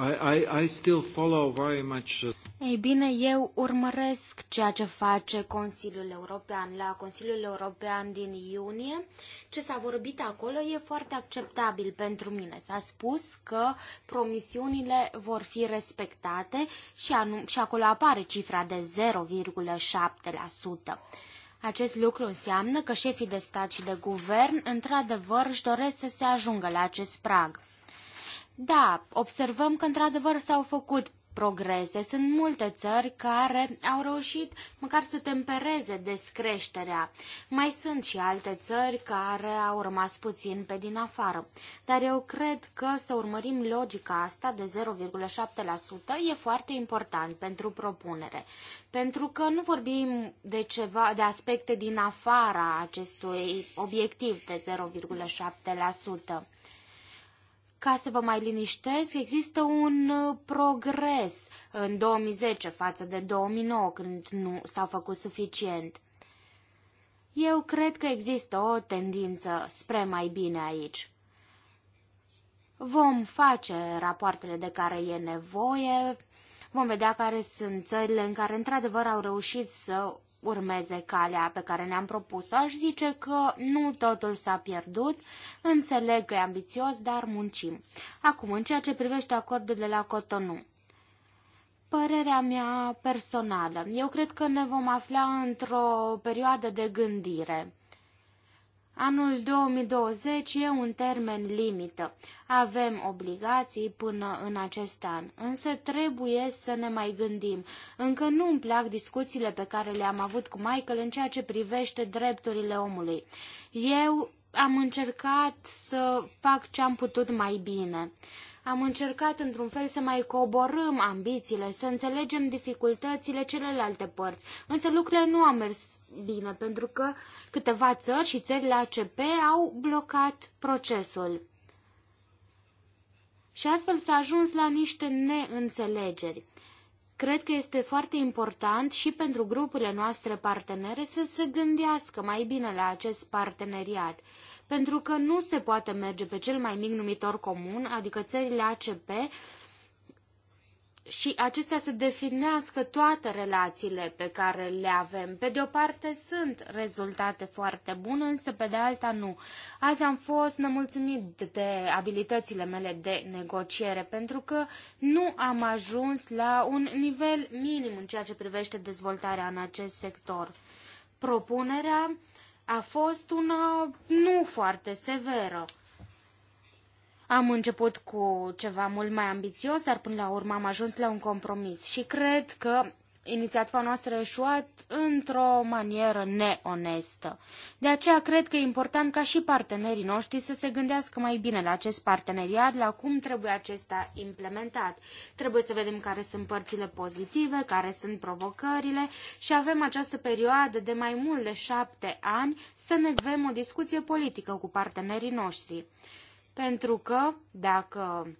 I, I, I still follow very much... Uh, Ei bine, eu urmăresc ceea ce face Consiliul European. La Consiliul European din iunie, ce s-a vorbit acolo e foarte acceptabil pentru mine. S-a spus că promisiunile vor fi respectate și, anum- și acolo apare cifra de 0,7%. Acest lucru înseamnă că șefii de stat și de guvern într-adevăr își doresc să se ajungă la acest prag. Da, observăm că într-adevăr s-au făcut progrese. Sunt multe țări care au reușit măcar să tempereze descreșterea. Mai sunt și alte țări care au rămas puțin pe din afară. Dar eu cred că să urmărim logica asta de 0,7% e foarte important pentru propunere. Pentru că nu vorbim de, ceva, de aspecte din afara acestui obiectiv de 0,7%. Ca să vă mai liniștesc, există un uh, progres în 2010 față de 2009, când nu s-a făcut suficient. Eu cred că există o tendință spre mai bine aici. Vom face rapoartele de care e nevoie, vom vedea care sunt țările în care într-adevăr au reușit să urmeze calea pe care ne-am propus-o. Aș zice că nu totul s-a pierdut, înțeleg că e ambițios, dar muncim. Acum, în ceea ce privește acordul de la Cotonou, părerea mea personală, eu cred că ne vom afla într-o perioadă de gândire Anul 2020 e un termen limită. Avem obligații până în acest an, însă trebuie să ne mai gândim. Încă nu îmi plac discuțiile pe care le-am avut cu Michael în ceea ce privește drepturile omului. Eu am încercat să fac ce am putut mai bine. Am încercat într-un fel să mai coborâm ambițiile, să înțelegem dificultățile celelalte părți, însă lucrurile nu au mers bine, pentru că câteva țări și țările ACP au blocat procesul. Și astfel s-a ajuns la niște neînțelegeri. Cred că este foarte important și pentru grupurile noastre partenere să se gândească mai bine la acest parteneriat pentru că nu se poate merge pe cel mai mic numitor comun, adică țările ACP, și acestea să definească toate relațiile pe care le avem. Pe de o parte sunt rezultate foarte bune, însă pe de alta nu. Azi am fost nemulțumit de abilitățile mele de negociere, pentru că nu am ajuns la un nivel minim în ceea ce privește dezvoltarea în acest sector. Propunerea a fost una nu foarte severă. Am început cu ceva mult mai ambițios, dar până la urmă am ajuns la un compromis și cred că inițiativa noastră a eșuat într-o manieră neonestă. De aceea cred că e important ca și partenerii noștri să se gândească mai bine la acest parteneriat, la cum trebuie acesta implementat. Trebuie să vedem care sunt părțile pozitive, care sunt provocările și avem această perioadă de mai mult de șapte ani să ne avem o discuție politică cu partenerii noștri. Pentru că dacă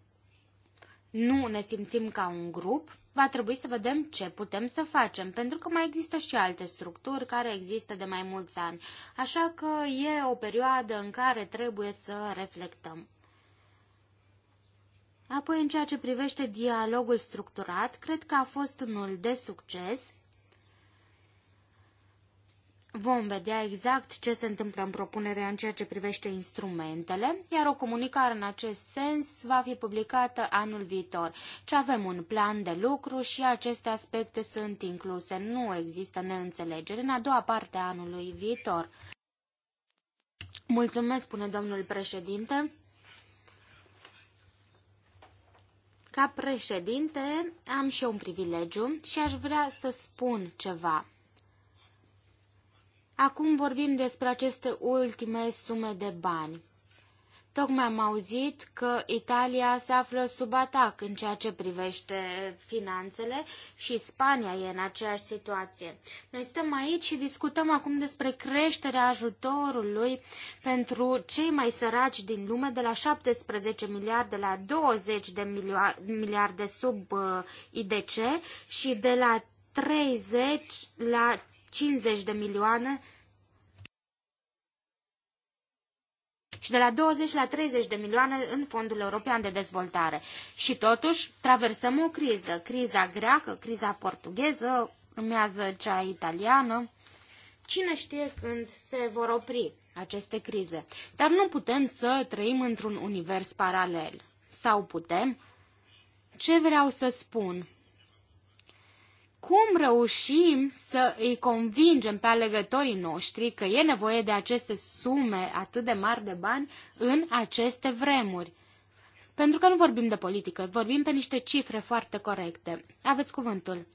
nu ne simțim ca un grup, va trebui să vedem ce putem să facem, pentru că mai există și alte structuri care există de mai mulți ani. Așa că e o perioadă în care trebuie să reflectăm. Apoi, în ceea ce privește dialogul structurat, cred că a fost unul de succes. Vom vedea exact ce se întâmplă în propunerea în ceea ce privește instrumentele, iar o comunicare în acest sens va fi publicată anul viitor. Ce avem un plan de lucru și aceste aspecte sunt incluse. Nu există neînțelegeri în a doua parte a anului viitor. Mulțumesc, spune domnul președinte. Ca președinte am și eu un privilegiu și aș vrea să spun ceva Acum vorbim despre aceste ultime sume de bani. Tocmai am auzit că Italia se află sub atac în ceea ce privește finanțele și Spania e în aceeași situație. Noi stăm aici și discutăm acum despre creșterea ajutorului pentru cei mai săraci din lume de la 17 miliarde la 20 de miliarde sub uh, IDC și de la 30 la 50 de milioane și de la 20 la 30 de milioane în Fondul European de Dezvoltare. Și totuși traversăm o criză, criza greacă, criza portugheză, urmează cea italiană. Cine știe când se vor opri aceste crize? Dar nu putem să trăim într-un univers paralel. Sau putem? Ce vreau să spun? cum reușim să îi convingem pe alegătorii noștri că e nevoie de aceste sume atât de mari de bani în aceste vremuri. Pentru că nu vorbim de politică, vorbim pe niște cifre foarte corecte. Aveți cuvântul.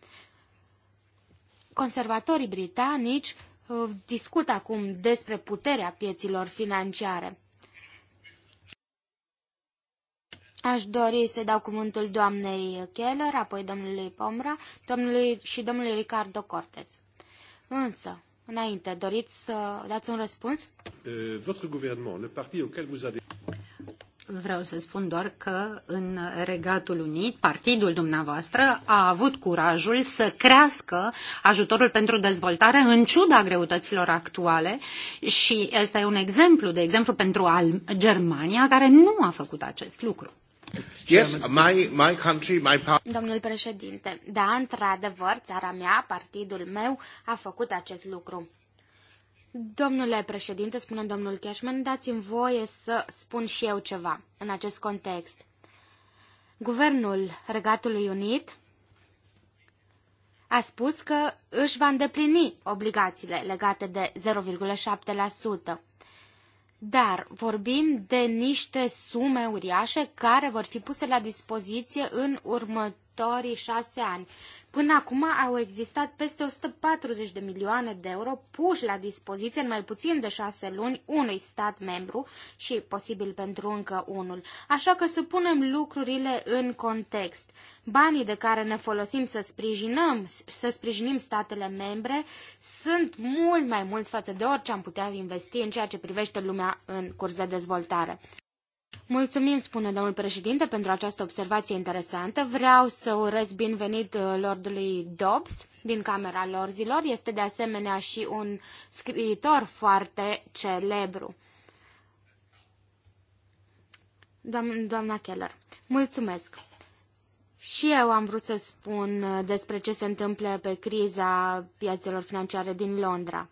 Conservatorii britanici uh, discută acum despre puterea pieților financiare. Aș dori să dau cuvântul doamnei Keller, apoi domnului Pomra domnului și domnului Ricardo Cortez. Însă, înainte, doriți să dați un răspuns? Eh, votre le parti auquel vous Vreau să spun doar că în Regatul Unit, partidul dumneavoastră a avut curajul să crească ajutorul pentru dezvoltare în ciuda greutăților actuale și ăsta e un exemplu, de exemplu pentru Germania, care nu a făcut acest lucru. Yes, my, my country, my party. Domnul președinte, da, într-adevăr, țara mea, partidul meu, a făcut acest lucru. Domnule președinte, spune domnul Cashman, dați-mi voie să spun și eu ceva în acest context. Guvernul Regatului Unit a spus că își va îndeplini obligațiile legate de 0,7%. Dar vorbim de niște sume uriașe care vor fi puse la dispoziție în urmă, următorii șase ani. Până acum au existat peste 140 de milioane de euro puși la dispoziție în mai puțin de șase luni unui stat membru și posibil pentru încă unul. Așa că să punem lucrurile în context. Banii de care ne folosim să, sprijinăm, să sprijinim statele membre sunt mult mai mulți față de orice am putea investi în ceea ce privește lumea în curs de dezvoltare. Mulțumim, spune domnul președinte, pentru această observație interesantă. Vreau să urez bine venit uh, lordului Dobbs din Camera Lorzilor. Este de asemenea și un scriitor foarte celebru. Doam doamna Keller, mulțumesc. Și eu am vrut să spun uh, despre ce se întâmplă pe criza piațelor financiare din Londra.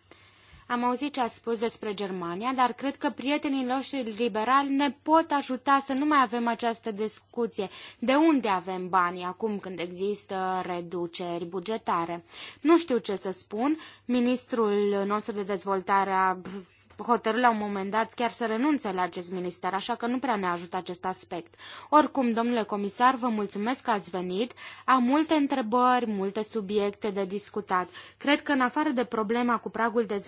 Am auzit ce a spus despre Germania, dar cred că prietenii noștri liberali ne pot ajuta să nu mai avem această discuție. De unde avem bani acum când există reduceri bugetare? Nu știu ce să spun. Ministrul nostru de dezvoltare a hotărât la un moment dat chiar să renunțe la acest minister, așa că nu prea ne ajută acest aspect. Oricum, domnule comisar, vă mulțumesc că ați venit. Am multe întrebări, multe subiecte de discutat. Cred că în afară de problema cu pragul de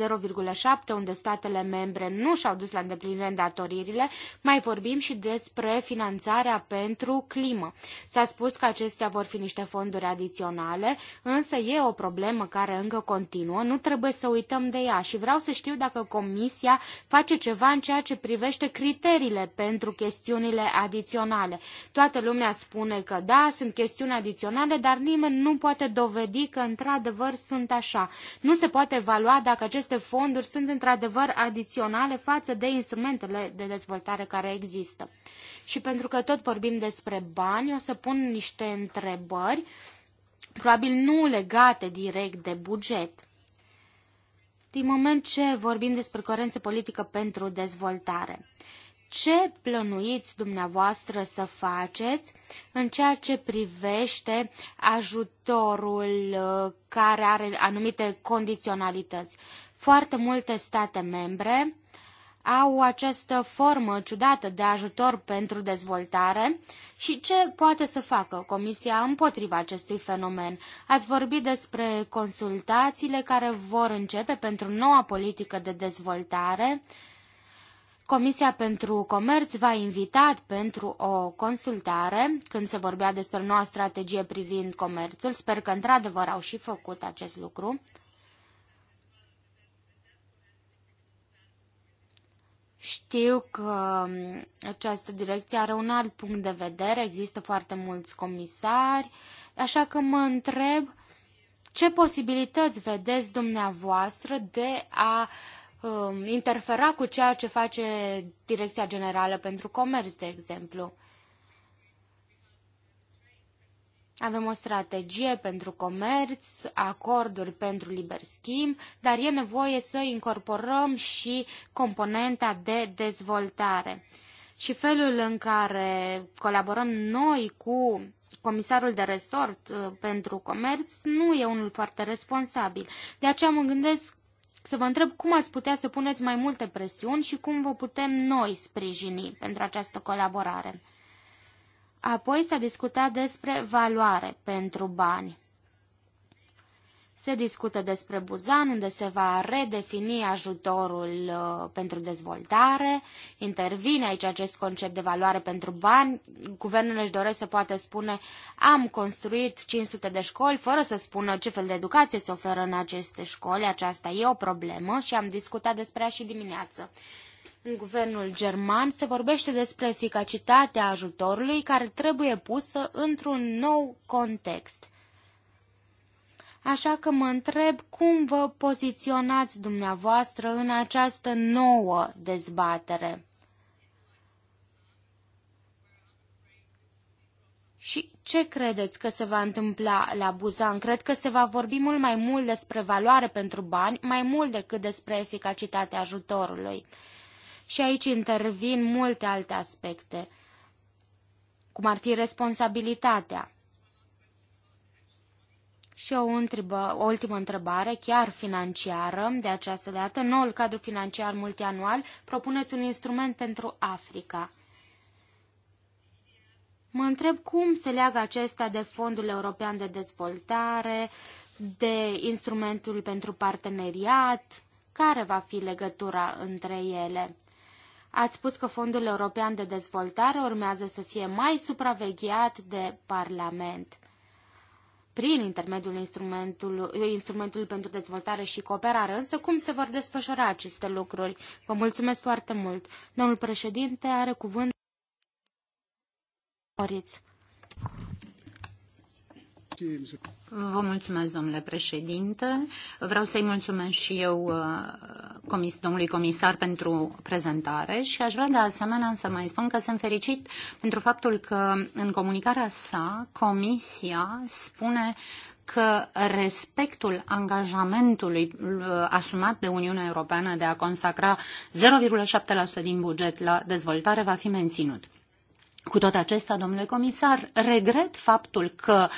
0,7, unde statele membre nu și-au dus la îndeplinire îndatoririle, mai vorbim și despre finanțarea pentru climă. S-a spus că acestea vor fi niște fonduri adiționale, însă e o problemă care încă continuă, nu trebuie să uităm de ea și vreau să știu dacă comisia Comisia face ceva în ceea ce privește criteriile pentru chestiunile adiționale. Toată lumea spune că da, sunt chestiuni adiționale, dar nimeni nu poate dovedi că într-adevăr sunt așa. Nu se poate evalua dacă aceste fonduri sunt într-adevăr adiționale față de instrumentele de dezvoltare care există. Și pentru că tot vorbim despre bani, o să pun niște întrebări, probabil nu legate direct de buget din moment ce vorbim despre coerență politică pentru dezvoltare. Ce plănuiți dumneavoastră să faceți în ceea ce privește ajutorul uh, care are anumite condiționalități? Foarte multe state membre au această formă ciudată de ajutor pentru dezvoltare și ce poate să facă Comisia împotriva acestui fenomen. Ați vorbit despre consultațiile care vor începe pentru noua politică de dezvoltare. Comisia pentru Comerț va a invitat pentru o consultare când se vorbea despre noua strategie privind comerțul. Sper că într-adevăr au și făcut acest lucru. Știu că um, această direcție are un alt punct de vedere, există foarte mulți comisari, așa că mă întreb ce posibilități vedeți dumneavoastră de a um, interfera cu ceea ce face Direcția Generală pentru Comerț, de exemplu. Avem o strategie pentru comerț, acorduri pentru liber schimb, dar e nevoie să incorporăm și componenta de dezvoltare. Și felul în care colaborăm noi cu comisarul de resort uh, pentru comerț nu e unul foarte responsabil. De aceea mă gândesc să vă întreb cum ați putea să puneți mai multe presiuni și cum vă putem noi sprijini pentru această colaborare. Apoi s-a discutat despre valoare pentru bani. Se discută despre Buzan, unde se va redefini ajutorul uh, pentru dezvoltare. Intervine aici acest concept de valoare pentru bani. Guvernul își doresc să poată spune am construit 500 de școli, fără să spună ce fel de educație se oferă în aceste școli. Aceasta e o problemă și am discutat despre ea și dimineață în guvernul german se vorbește despre eficacitatea ajutorului care trebuie pusă într-un nou context. Așa că mă întreb cum vă poziționați dumneavoastră în această nouă dezbatere. Și ce credeți că se va întâmpla la Buzan? Cred că se va vorbi mult mai mult despre valoare pentru bani, mai mult decât despre eficacitatea ajutorului. Și aici intervin multe alte aspecte, cum ar fi responsabilitatea. Și o, întrebă, o ultimă întrebare, chiar financiară, de această dată, noul cadru financiar multianual, propuneți un instrument pentru Africa. Mă întreb cum se leagă acesta de Fondul European de Dezvoltare, de instrumentul pentru parteneriat, care va fi legătura între ele. Ați spus că Fondul European de Dezvoltare urmează să fie mai supravegheat de Parlament prin intermediul instrumentului, instrumentului pentru dezvoltare și cooperare. Însă cum se vor desfășura aceste lucruri? Vă mulțumesc foarte mult. Domnul președinte are cuvânt. Vă mulțumesc, domnule președinte. Vreau să-i mulțumesc și eu uh, comis, domnului comisar pentru prezentare și aș vrea de asemenea să mai spun că sunt fericit pentru faptul că în comunicarea sa Comisia spune că respectul angajamentului uh, asumat de Uniunea Europeană de a consacra 0,7% din buget la dezvoltare va fi menținut. Cu toate acestea, domnule comisar, regret faptul că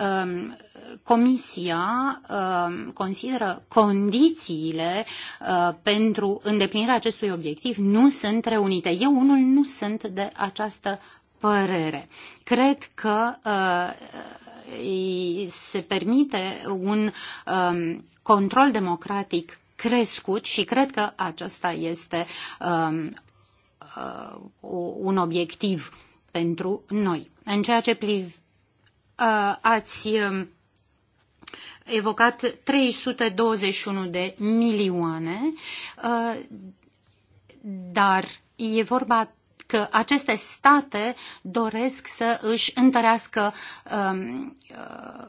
um, Comisia um, consideră condițiile uh, pentru îndeplinirea acestui obiectiv nu sunt reunite. Eu unul nu sunt de această părere. Cred că uh, se permite un um, control democratic crescut și cred că acesta este um, uh, un obiectiv pentru noi. În ceea ce priv, uh, ați uh, evocat 321 de milioane, uh, dar e vorba că aceste state doresc să își întărească uh, uh,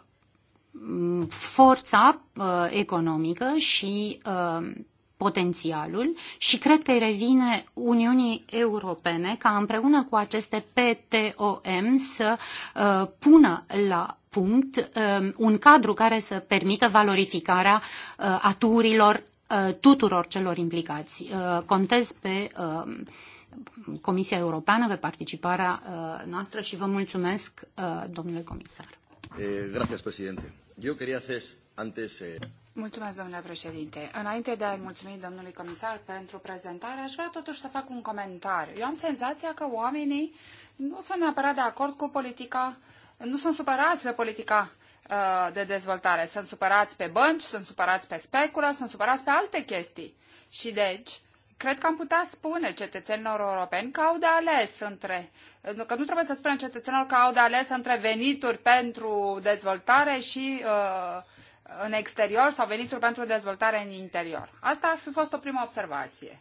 forța uh, economică și uh, potențialul și cred că îi revine Uniunii Europene ca împreună cu aceste PTOM să uh, pună la punct uh, un cadru care să permită valorificarea uh, aturilor uh, tuturor celor implicați. Uh, contez pe uh, Comisia Europeană, pe participarea uh, noastră și vă mulțumesc, uh, domnule comisar. Eh, gracias, presidente. Eu quería hacer antes... Eh... Mulțumesc, domnule președinte. Înainte de a-i mulțumi domnului comisar pentru prezentare, aș vrea totuși să fac un comentariu. Eu am senzația că oamenii nu sunt neapărat de acord cu politica, nu sunt supărați pe politica uh, de dezvoltare. Sunt supărați pe bănci, sunt supărați pe speculă, sunt supărați pe alte chestii. Și deci, cred că am putea spune cetățenilor europeni că au de ales între, că nu trebuie să spunem cetățenilor că au de ales între venituri pentru dezvoltare și uh, în exterior sau venituri pentru dezvoltare în interior. Asta ar fi fost o primă observație.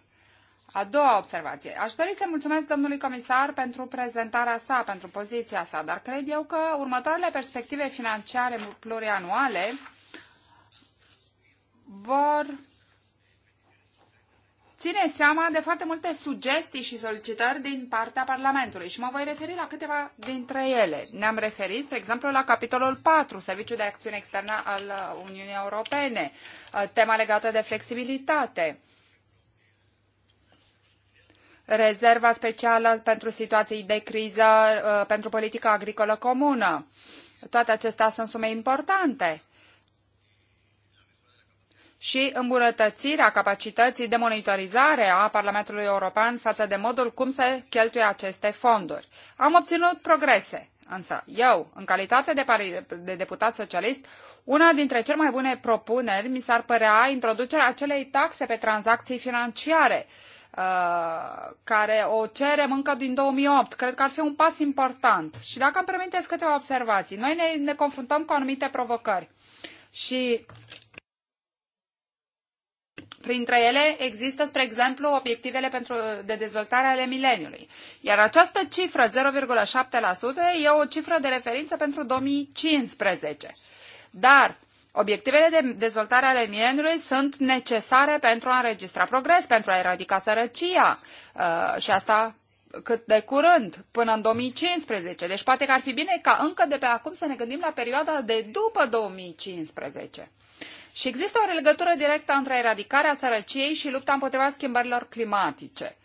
A doua observație. Aș dori să mulțumesc domnului comisar pentru prezentarea sa, pentru poziția sa, dar cred eu că următoarele perspective financiare plurianuale vor ține seama de foarte multe sugestii și solicitări din partea Parlamentului și mă voi referi la câteva dintre ele. Ne-am referit, spre exemplu, la capitolul 4, Serviciul de Acțiune Externă al uh, Uniunii Europene, uh, tema legată de flexibilitate, rezerva specială pentru situații de criză, uh, pentru politica agricolă comună. Toate acestea sunt sume importante și îmbunătățirea capacității de monitorizare a Parlamentului European față de modul cum se cheltuie aceste fonduri. Am obținut progrese, însă eu, în calitate de, de deputat socialist, una dintre cele mai bune propuneri mi s-ar părea introducerea acelei taxe pe tranzacții financiare, uh, care o cerem încă din 2008. Cred că ar fi un pas important. Și dacă îmi permiteți câteva observații, noi ne, ne confruntăm cu anumite provocări. Și Printre ele există, spre exemplu, obiectivele pentru, de dezvoltare ale mileniului. Iar această cifră, 0,7%, e o cifră de referință pentru 2015. Dar obiectivele de dezvoltare ale mileniului sunt necesare pentru a înregistra progres, pentru a eradica sărăcia uh, și asta cât de curând, până în 2015. Deci poate că ar fi bine ca încă de pe acum să ne gândim la perioada de după 2015. Și există o legătură directă între eradicarea sărăciei și lupta împotriva schimbărilor climatice.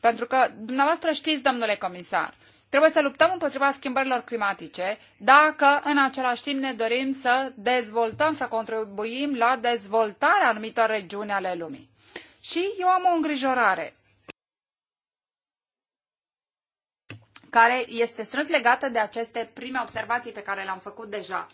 Pentru că, dumneavoastră știți, domnule comisar, trebuie să luptăm împotriva schimbărilor climatice dacă în același timp ne dorim să dezvoltăm, să contribuim la dezvoltarea anumitor regiuni ale lumii. Și eu am o îngrijorare care este strâns legată de aceste prime observații pe care le-am făcut deja.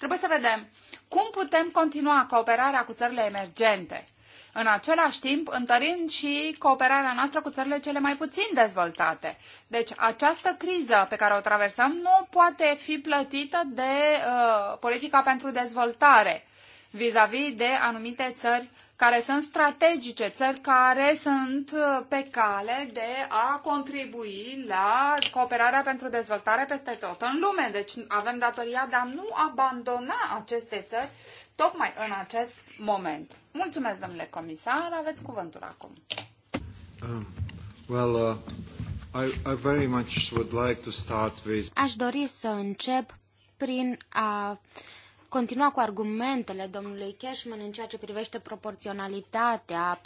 Trebuie să vedem cum putem continua cooperarea cu țările emergente, în același timp întărind și cooperarea noastră cu țările cele mai puțin dezvoltate. Deci această criză pe care o traversăm nu poate fi plătită de uh, politica pentru dezvoltare vis-a-vis -vis de anumite țări care sunt strategice, țări care sunt uh, pe cale de a contribui la cooperarea pentru dezvoltare peste tot în lume. Deci avem datoria de a nu abandona aceste țări tocmai în acest moment. Mulțumesc, domnule comisar, aveți cuvântul acum. Um, well, uh, I, I very much would like to start with... Aș dori să încep prin a uh, continua cu argumentele domnului Cashman în ceea ce privește proporționalitatea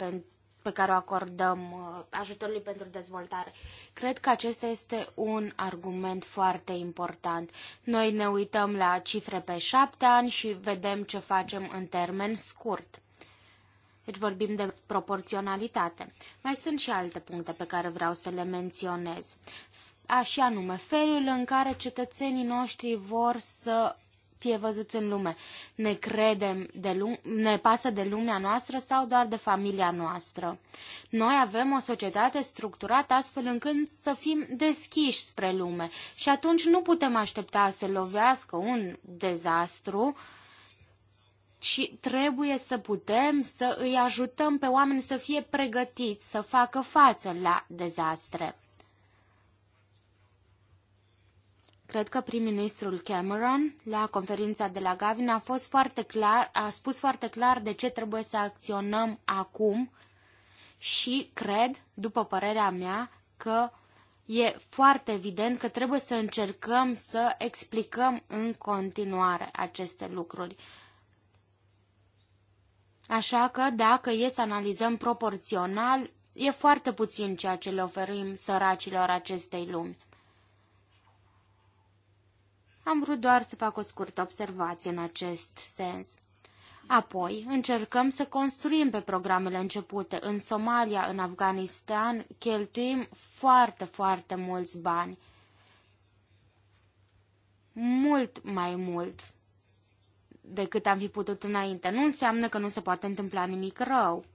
pe care o acordăm uh, ajutorului pentru dezvoltare. Cred că acesta este un argument foarte important. Noi ne uităm la cifre pe șapte ani și vedem ce facem în termen scurt. Deci vorbim de proporționalitate. Mai sunt și alte puncte pe care vreau să le menționez. Așa anume, felul în care cetățenii noștri vor să fie văzuți în lume. Ne credem de lume, ne pasă de lumea noastră sau doar de familia noastră. Noi avem o societate structurată astfel încât să fim deschiși spre lume și atunci nu putem aștepta să lovească un dezastru și trebuie să putem să îi ajutăm pe oameni să fie pregătiți să facă față la dezastre. Cred că prim-ministrul Cameron, la conferința de la Gavin, a, fost foarte clar, a spus foarte clar de ce trebuie să acționăm acum și cred, după părerea mea, că e foarte evident că trebuie să încercăm să explicăm în continuare aceste lucruri. Așa că, dacă e să analizăm proporțional, e foarte puțin ceea ce le oferim săracilor acestei lumi. Am vrut doar să fac o scurtă observație în acest sens. Apoi, încercăm să construim pe programele începute în Somalia, în Afganistan, cheltuim foarte, foarte mulți bani. Mult mai mult decât am fi putut înainte. Nu înseamnă că nu se poate întâmpla nimic rău.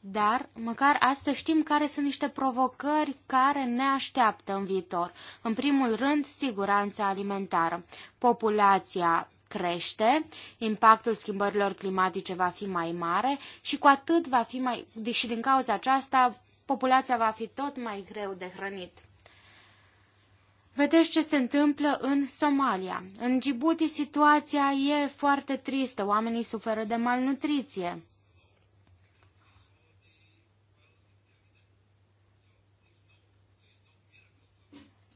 Dar măcar astăzi știm care sunt niște provocări care ne așteaptă în viitor. În primul rând, siguranța alimentară. Populația crește, impactul schimbărilor climatice va fi mai mare și cu atât va fi mai... deși din cauza aceasta populația va fi tot mai greu de hrănit. Vedeți ce se întâmplă în Somalia. În Djibouti situația e foarte tristă, oamenii suferă de malnutriție.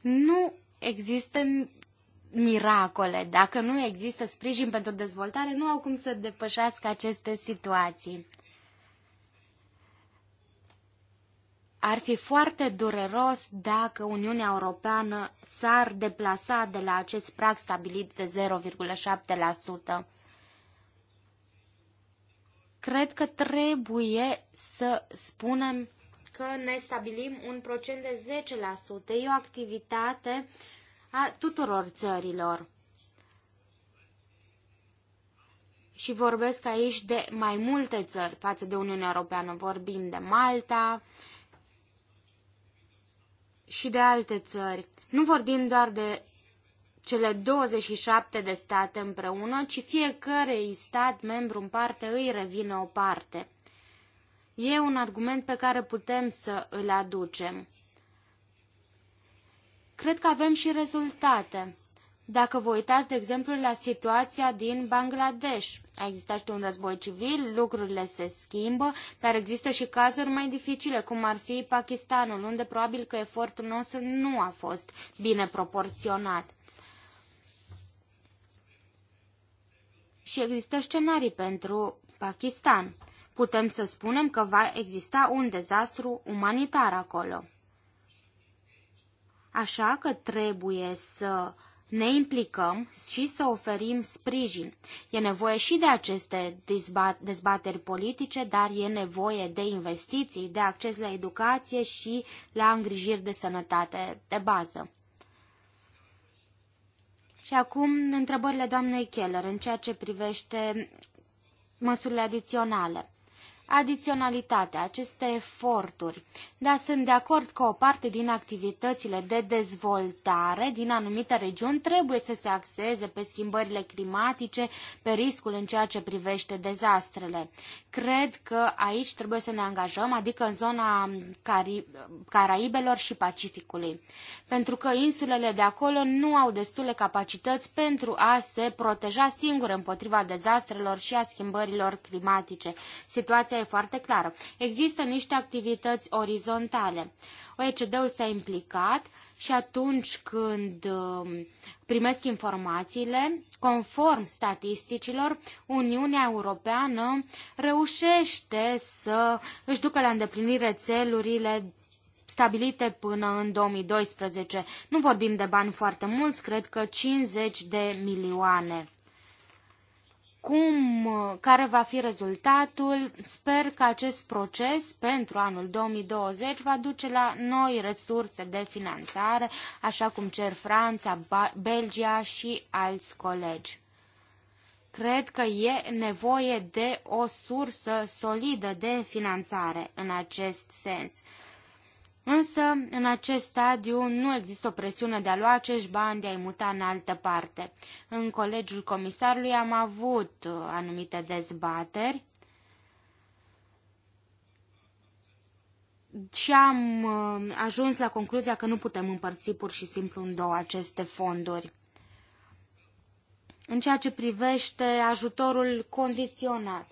Nu există miracole. Dacă nu există sprijin pentru dezvoltare, nu au cum să depășească aceste situații. Ar fi foarte dureros dacă Uniunea Europeană s-ar deplasa de la acest prag stabilit de 0,7%. Cred că trebuie să spunem că ne stabilim un procent de 10%. E o activitate a tuturor țărilor. Și vorbesc aici de mai multe țări față de Uniunea Europeană. Vorbim de Malta și de alte țări. Nu vorbim doar de cele 27 de state împreună, ci fiecărei stat membru în parte îi revine o parte. E un argument pe care putem să îl aducem. Cred că avem și rezultate. Dacă vă uitați, de exemplu, la situația din Bangladesh, a existat și un război civil, lucrurile se schimbă, dar există și cazuri mai dificile, cum ar fi Pakistanul, unde probabil că efortul nostru nu a fost bine proporționat. Și există scenarii pentru Pakistan putem să spunem că va exista un dezastru umanitar acolo. Așa că trebuie să ne implicăm și să oferim sprijin. E nevoie și de aceste dezbateri politice, dar e nevoie de investiții, de acces la educație și la îngrijiri de sănătate de bază. Și acum întrebările doamnei Keller în ceea ce privește măsurile adiționale adiționalitatea, aceste eforturi. Dar sunt de acord că o parte din activitățile de dezvoltare din anumite regiuni trebuie să se axeze pe schimbările climatice, pe riscul în ceea ce privește dezastrele. Cred că aici trebuie să ne angajăm, adică în zona Cari Caraibelor și Pacificului, pentru că insulele de acolo nu au destule capacități pentru a se proteja singure împotriva dezastrelor și a schimbărilor climatice. Situația situația e foarte clară. Există niște activități orizontale. OECD-ul s-a implicat și atunci când um, primesc informațiile, conform statisticilor, Uniunea Europeană reușește să își ducă la îndeplinire țelurile stabilite până în 2012. Nu vorbim de bani foarte mulți, cred că 50 de milioane cum, uh, care va fi rezultatul. Sper că acest proces pentru anul 2020 va duce la noi resurse de finanțare, așa cum cer Franța, Belgia și alți colegi. Cred că e nevoie de o sursă solidă de finanțare în acest sens. Însă, în acest stadiu, nu există o presiune de a lua acești bani, de a-i muta în altă parte. În colegiul comisarului am avut uh, anumite dezbateri și am uh, ajuns la concluzia că nu putem împărți pur și simplu în două aceste fonduri. În ceea ce privește ajutorul condiționat,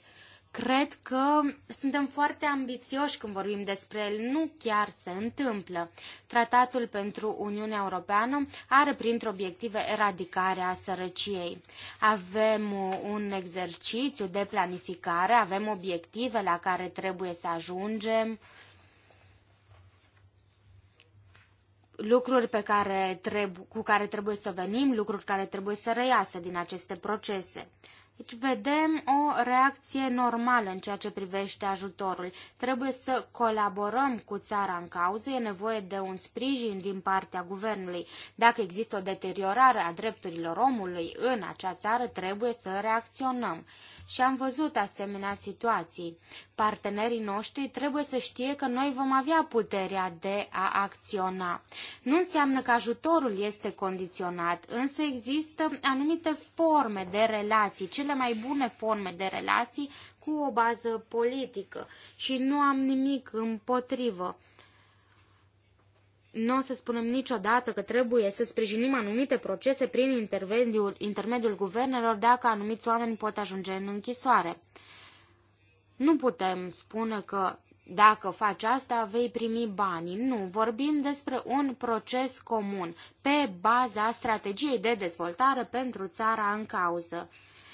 Cred că suntem foarte ambițioși când vorbim despre el. Nu chiar se întâmplă. Tratatul pentru Uniunea Europeană are printre obiective eradicarea sărăciei. Avem uh, un exercițiu de planificare, avem obiective la care trebuie să ajungem. lucruri pe care trebu- cu care trebuie să venim, lucruri care trebuie să reiasă din aceste procese. Deci vedem o reacție normală în ceea ce privește ajutorul. Trebuie să colaborăm cu țara în cauză, e nevoie de un sprijin din partea guvernului. Dacă există o deteriorare a drepturilor omului în acea țară, trebuie să reacționăm și am văzut asemenea situații. Partenerii noștri trebuie să știe că noi vom avea puterea de a acționa. Nu înseamnă că ajutorul este condiționat, însă există anumite forme de relații, cele mai bune forme de relații cu o bază politică și nu am nimic împotrivă nu o să spunem niciodată că trebuie să sprijinim anumite procese prin intermediul, intermediul guvernelor dacă anumiți oameni pot ajunge în închisoare. Nu putem spune că dacă faci asta, vei primi banii. Nu, vorbim despre un proces comun, pe baza strategiei de dezvoltare pentru țara în cauză.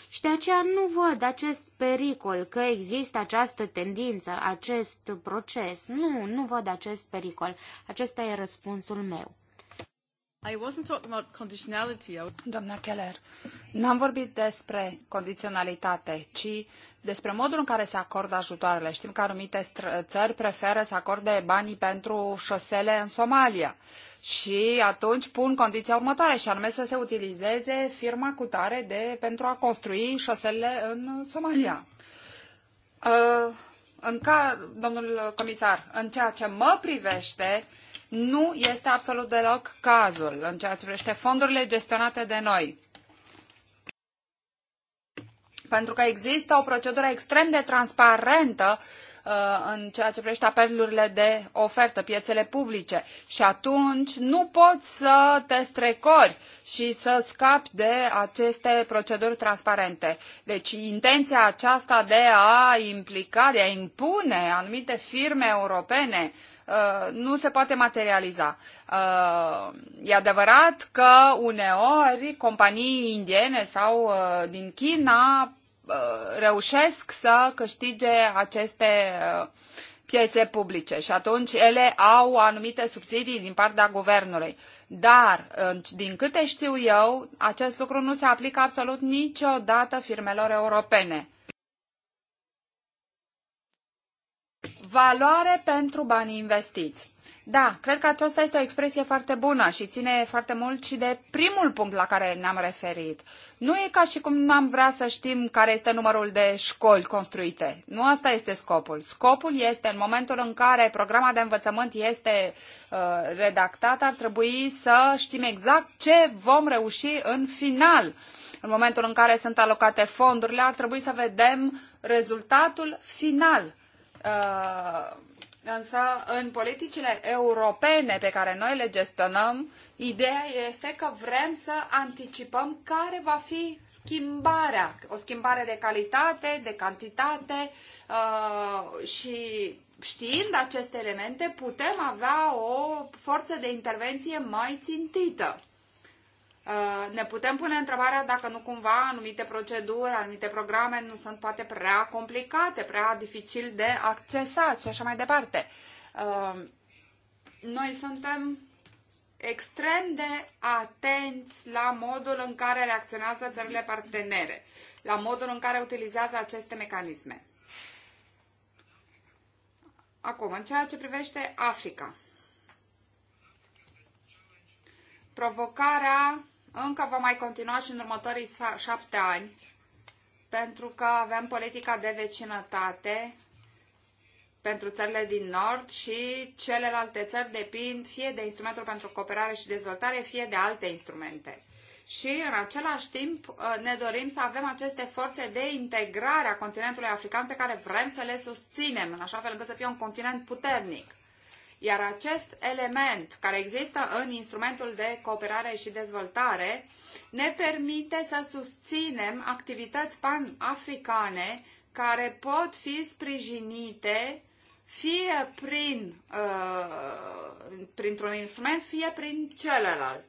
Și de aceea nu văd acest pericol că există această tendință, acest proces. Nu, nu văd acest pericol. Acesta e răspunsul meu doamnă Keller, n-am vorbit despre condiționalitate, ci despre modul în care se acordă ajutoarele. Știm că anumite țări preferă să acorde banii pentru șosele în Somalia și atunci pun condiția următoare și anume să se utilizeze firma cutare de, pentru a construi șosele în Somalia. Uh, în ca, domnul comisar, în ceea ce mă privește, uh, nu este absolut deloc cazul în ceea ce privește fondurile gestionate de noi. Pentru că există o procedură extrem de transparentă uh, în ceea ce privește apelurile de ofertă, piețele publice. Și atunci nu poți să te strecori și să scapi de aceste proceduri transparente. Deci intenția aceasta de a implica, de a impune anumite firme europene Uh, nu se poate materializa. Uh, e adevărat că uneori companii indiene sau uh, din China reușesc să câștige aceste piețe publice și atunci ele au anumite subsidii din partea guvernului. Dar, din câte știu eu, acest lucru nu se aplică absolut niciodată firmelor europene. Valoare pentru banii investiți. Da, cred că aceasta este o expresie foarte bună și ține foarte mult și de primul punct la care ne-am referit. Nu e ca și cum n-am vrea să știm care este numărul de școli construite. Nu asta este scopul. Scopul este, în momentul în care programa de învățământ este uh, redactată, ar trebui să știm exact ce vom reuși în final. În momentul în care sunt alocate fondurile, ar trebui să vedem rezultatul final Uh, însă, în politicile europene pe care noi le gestionăm, ideea este că vrem să anticipăm care va fi schimbarea, o schimbare de calitate, de cantitate uh, și știind aceste elemente, putem avea o forță de intervenție mai țintită. Uh, ne putem pune întrebarea dacă nu cumva anumite proceduri, anumite programe nu sunt poate prea complicate, prea dificil de accesat și așa mai departe. Uh, noi suntem extrem de atenți la modul în care reacționează țările partenere, la modul în care utilizează aceste mecanisme. Acum, în ceea ce privește Africa, provocarea încă va mai continua și în următorii șapte ani, pentru că avem politica de vecinătate pentru țările din Nord și celelalte țări depind fie de instrumentul pentru cooperare și dezvoltare, fie de alte instrumente. Și în același timp uh, ne dorim să avem aceste forțe de integrare a continentului african pe care vrem să le susținem, în așa fel încât să fie un continent puternic. Iar acest element care există în instrumentul de cooperare și dezvoltare ne permite să susținem activități panafricane care pot fi sprijinite fie prin, uh, printr-un instrument, fie prin celălalt.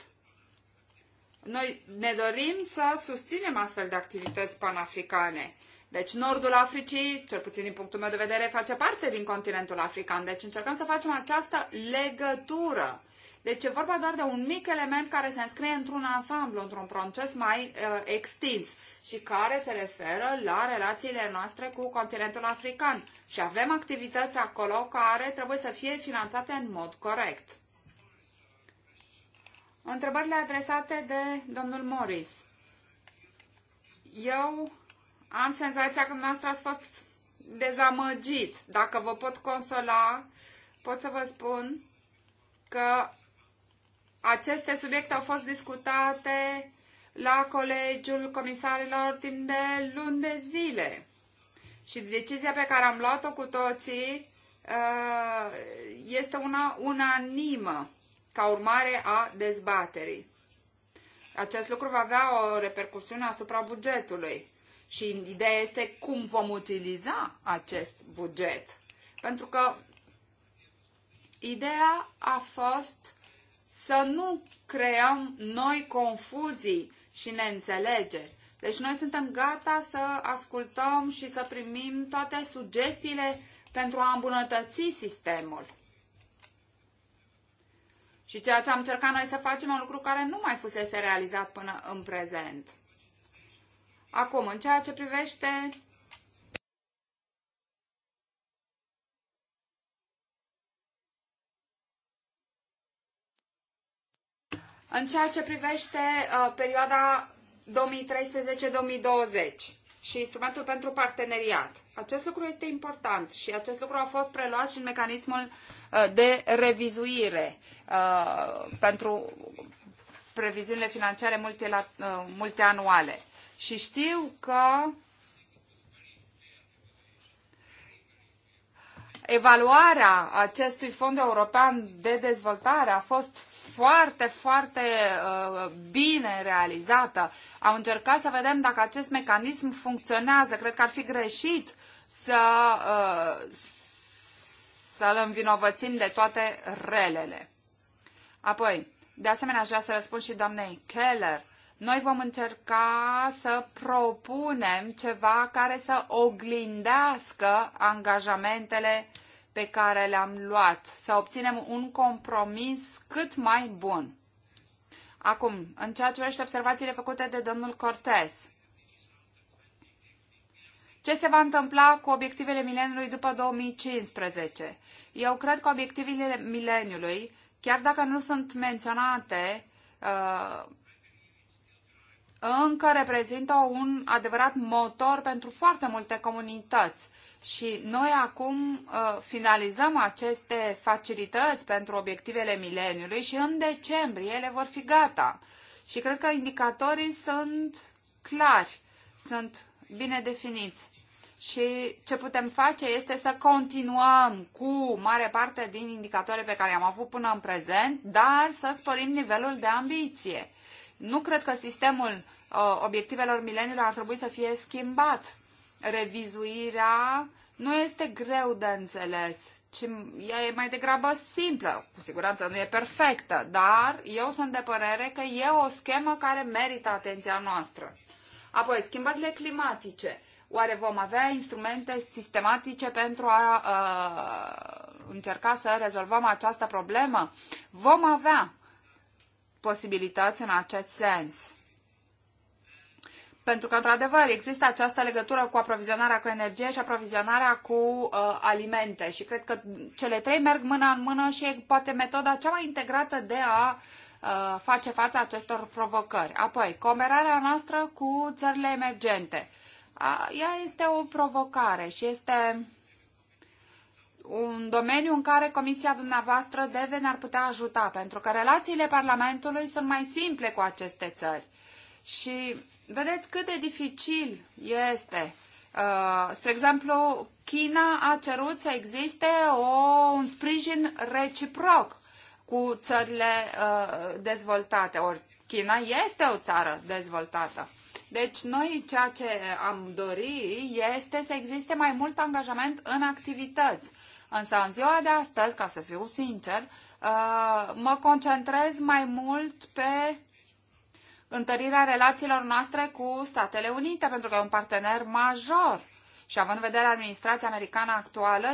Noi ne dorim să susținem astfel de activități panafricane deci nordul Africii, cel puțin din punctul meu de vedere, face parte din continentul african. Deci încercăm să facem această legătură. Deci e vorba doar de un mic element care se înscrie într-un ansamblu, într-un proces mai uh, extins și care se referă la relațiile noastre cu continentul african. Și avem activități acolo care trebuie să fie finanțate în mod corect. Întrebările adresate de domnul Morris. Eu am senzația că dumneavoastră ați fost dezamăgit. Dacă vă pot consola, pot să vă spun că aceste subiecte au fost discutate la Colegiul Comisarilor timp de luni de zile. Și decizia pe care am luat-o cu toții uh, este una unanimă ca urmare a dezbaterii. Acest lucru va avea o repercusiune asupra bugetului. Și ideea este cum vom utiliza acest buget. Pentru că ideea a fost să nu creăm noi confuzii și neînțelegeri. Deci noi suntem gata să ascultăm și să primim toate sugestiile pentru a îmbunătăți sistemul. Și ceea ce am încercat noi să facem, un lucru care nu mai fusese realizat până în prezent. Acum, în ceea ce privește În ceea ce privește uh, perioada 2013-2020 și instrumentul pentru parteneriat. Acest lucru este important și acest lucru a fost preluat și în mecanismul uh, de revizuire uh, pentru previziunile financiare uh, multianuale. Și știu că evaluarea acestui fond european de dezvoltare a fost foarte, foarte uh, bine realizată. Au încercat să vedem dacă acest mecanism funcționează. Cred că ar fi greșit să, uh, să-l învinovățim de toate relele. Apoi, de asemenea, aș vrea să răspund și doamnei Keller. Uh, noi vom încerca să propunem ceva care să oglindească angajamentele pe care le-am luat, să obținem un compromis cât mai bun. Acum, în ceea ce privește observațiile făcute de domnul Cortez, ce se va întâmpla cu obiectivele mileniului după 2015? Eu cred că obiectivele mileniului, chiar dacă nu sunt menționate uh, încă reprezintă un adevărat motor pentru foarte multe comunități. Și noi acum uh, finalizăm aceste facilități pentru obiectivele mileniului și în decembrie ele vor fi gata. Și cred că indicatorii sunt clari, sunt bine definiți. Și ce putem face este să continuăm cu mare parte din indicatorii pe care am avut până în prezent, dar să sporim nivelul de ambiție. Nu cred că sistemul uh, obiectivelor mileniului ar trebui să fie schimbat. Revizuirea nu este greu de înțeles, ci ea e mai degrabă simplă. Cu siguranță nu e perfectă, dar eu sunt de părere că e o schemă care merită atenția noastră. Apoi, schimbările climatice. Oare vom avea instrumente sistematice pentru a uh, încerca să rezolvăm această problemă? Vom avea posibilități în acest sens. Pentru că, într-adevăr, există această legătură cu aprovizionarea cu energie și aprovizionarea cu uh, alimente. Și cred că cele trei merg mână în mână și e poate metoda cea mai integrată de a uh, face față acestor provocări. Apoi, comerarea noastră cu țările emergente. A, ea este o provocare și este un domeniu în care comisia dumneavoastră deve ne-ar putea ajuta, pentru că relațiile Parlamentului sunt mai simple cu aceste țări. Și vedeți cât de dificil este. Uh, spre exemplu, China a cerut să existe o, un sprijin reciproc cu țările uh, dezvoltate. Ori China este o țară dezvoltată. Deci noi ceea ce am dori este să existe mai mult angajament în activități. Însă în ziua de astăzi, ca să fiu sincer, uh, mă concentrez mai mult pe întărirea relațiilor noastre cu Statele Unite, pentru că e un partener major. Și având în vedere administrația americană actuală,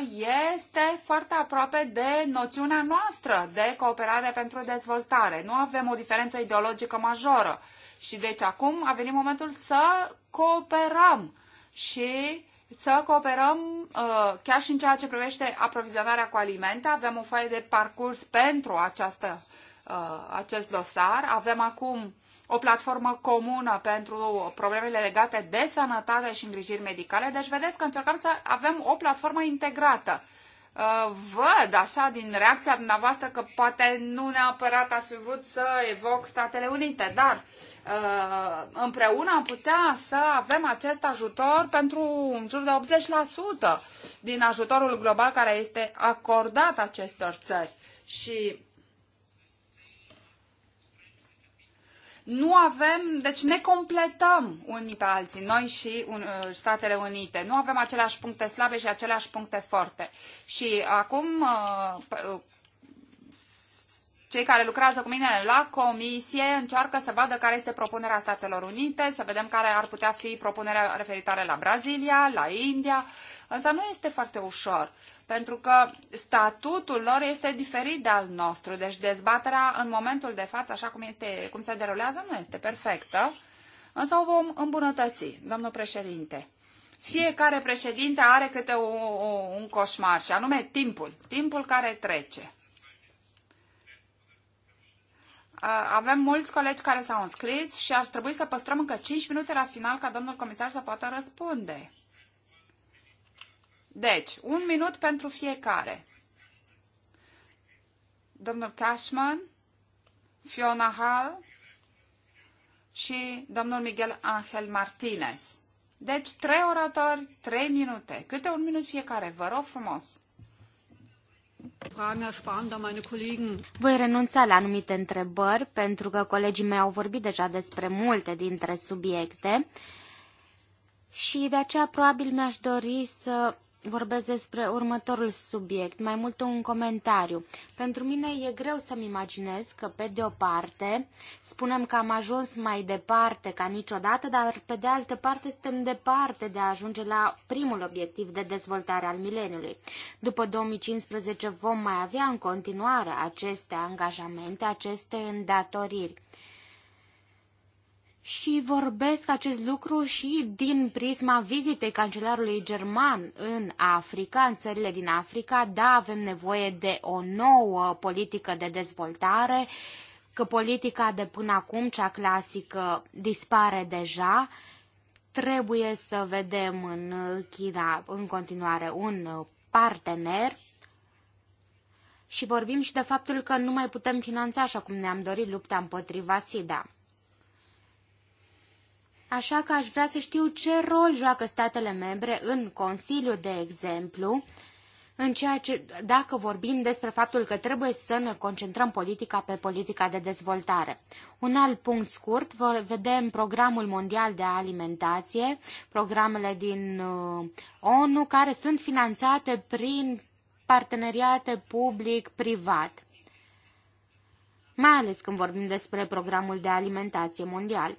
este foarte aproape de noțiunea noastră de cooperare pentru dezvoltare. Nu avem o diferență ideologică majoră. Și deci acum a venit momentul să cooperăm și să cooperăm uh, chiar și în ceea ce privește aprovizionarea cu alimente. Avem o foaie de parcurs pentru această, uh, acest dosar. Avem acum o platformă comună pentru problemele legate de sănătate și îngrijiri medicale. Deci vedeți că încercăm să avem o platformă integrată. Uh, Uh, văd așa din reacția dumneavoastră că poate nu neapărat ați fi vrut să evoc Statele Unite, dar uh, împreună am putea să avem acest ajutor pentru în jur de 80% din ajutorul global care este acordat acestor țări. Și Nu avem, deci ne completăm unii pe alții, noi și un, uh, Statele Unite. Nu avem aceleași puncte slabe și aceleași puncte forte. Și acum uh, uh, cei care lucrează cu mine la comisie încearcă să vadă care este propunerea Statelor Unite, să vedem care ar putea fi propunerea referitoare la Brazilia, la India, Însă nu este foarte ușor, pentru că statutul lor este diferit de al nostru, deci dezbaterea în momentul de față, așa cum, este, cum se derulează, nu este perfectă, însă o vom îmbunătăți, domnul președinte. Fiecare președinte are câte o, o, un coșmar, și anume timpul, timpul care trece. Avem mulți colegi care s-au înscris și ar trebui să păstrăm încă 5 minute la final ca domnul comisar să poată răspunde. Deci, un minut pentru fiecare. Domnul Cashman, Fiona Hall și domnul Miguel Angel Martinez. Deci, trei oratori, trei minute. Câte un minut fiecare, vă rog frumos. Voi renunța la anumite întrebări, pentru că colegii mei au vorbit deja despre multe dintre subiecte și de aceea probabil mi-aș dori să vorbesc despre următorul subiect, mai mult un comentariu. Pentru mine e greu să-mi imaginez că, pe de o parte, spunem că am ajuns mai departe ca niciodată, dar, pe de altă parte, suntem departe de a ajunge la primul obiectiv de dezvoltare al mileniului. După 2015 vom mai avea în continuare aceste angajamente, aceste îndatoriri și vorbesc acest lucru și din prisma vizitei cancelarului german în Africa, în țările din Africa. Da, avem nevoie de o nouă politică de dezvoltare, că politica de până acum, cea clasică, dispare deja. Trebuie să vedem în China în continuare un partener și vorbim și de faptul că nu mai putem finanța așa cum ne-am dorit lupta împotriva SIDA. Așa că aș vrea să știu ce rol joacă statele membre în Consiliu, de exemplu, în ceea ce, dacă vorbim despre faptul că trebuie să ne concentrăm politica pe politica de dezvoltare. Un alt punct scurt, vedem programul mondial de alimentație, programele din uh, ONU care sunt finanțate prin parteneriate public-privat mai ales când vorbim despre programul de alimentație mondial.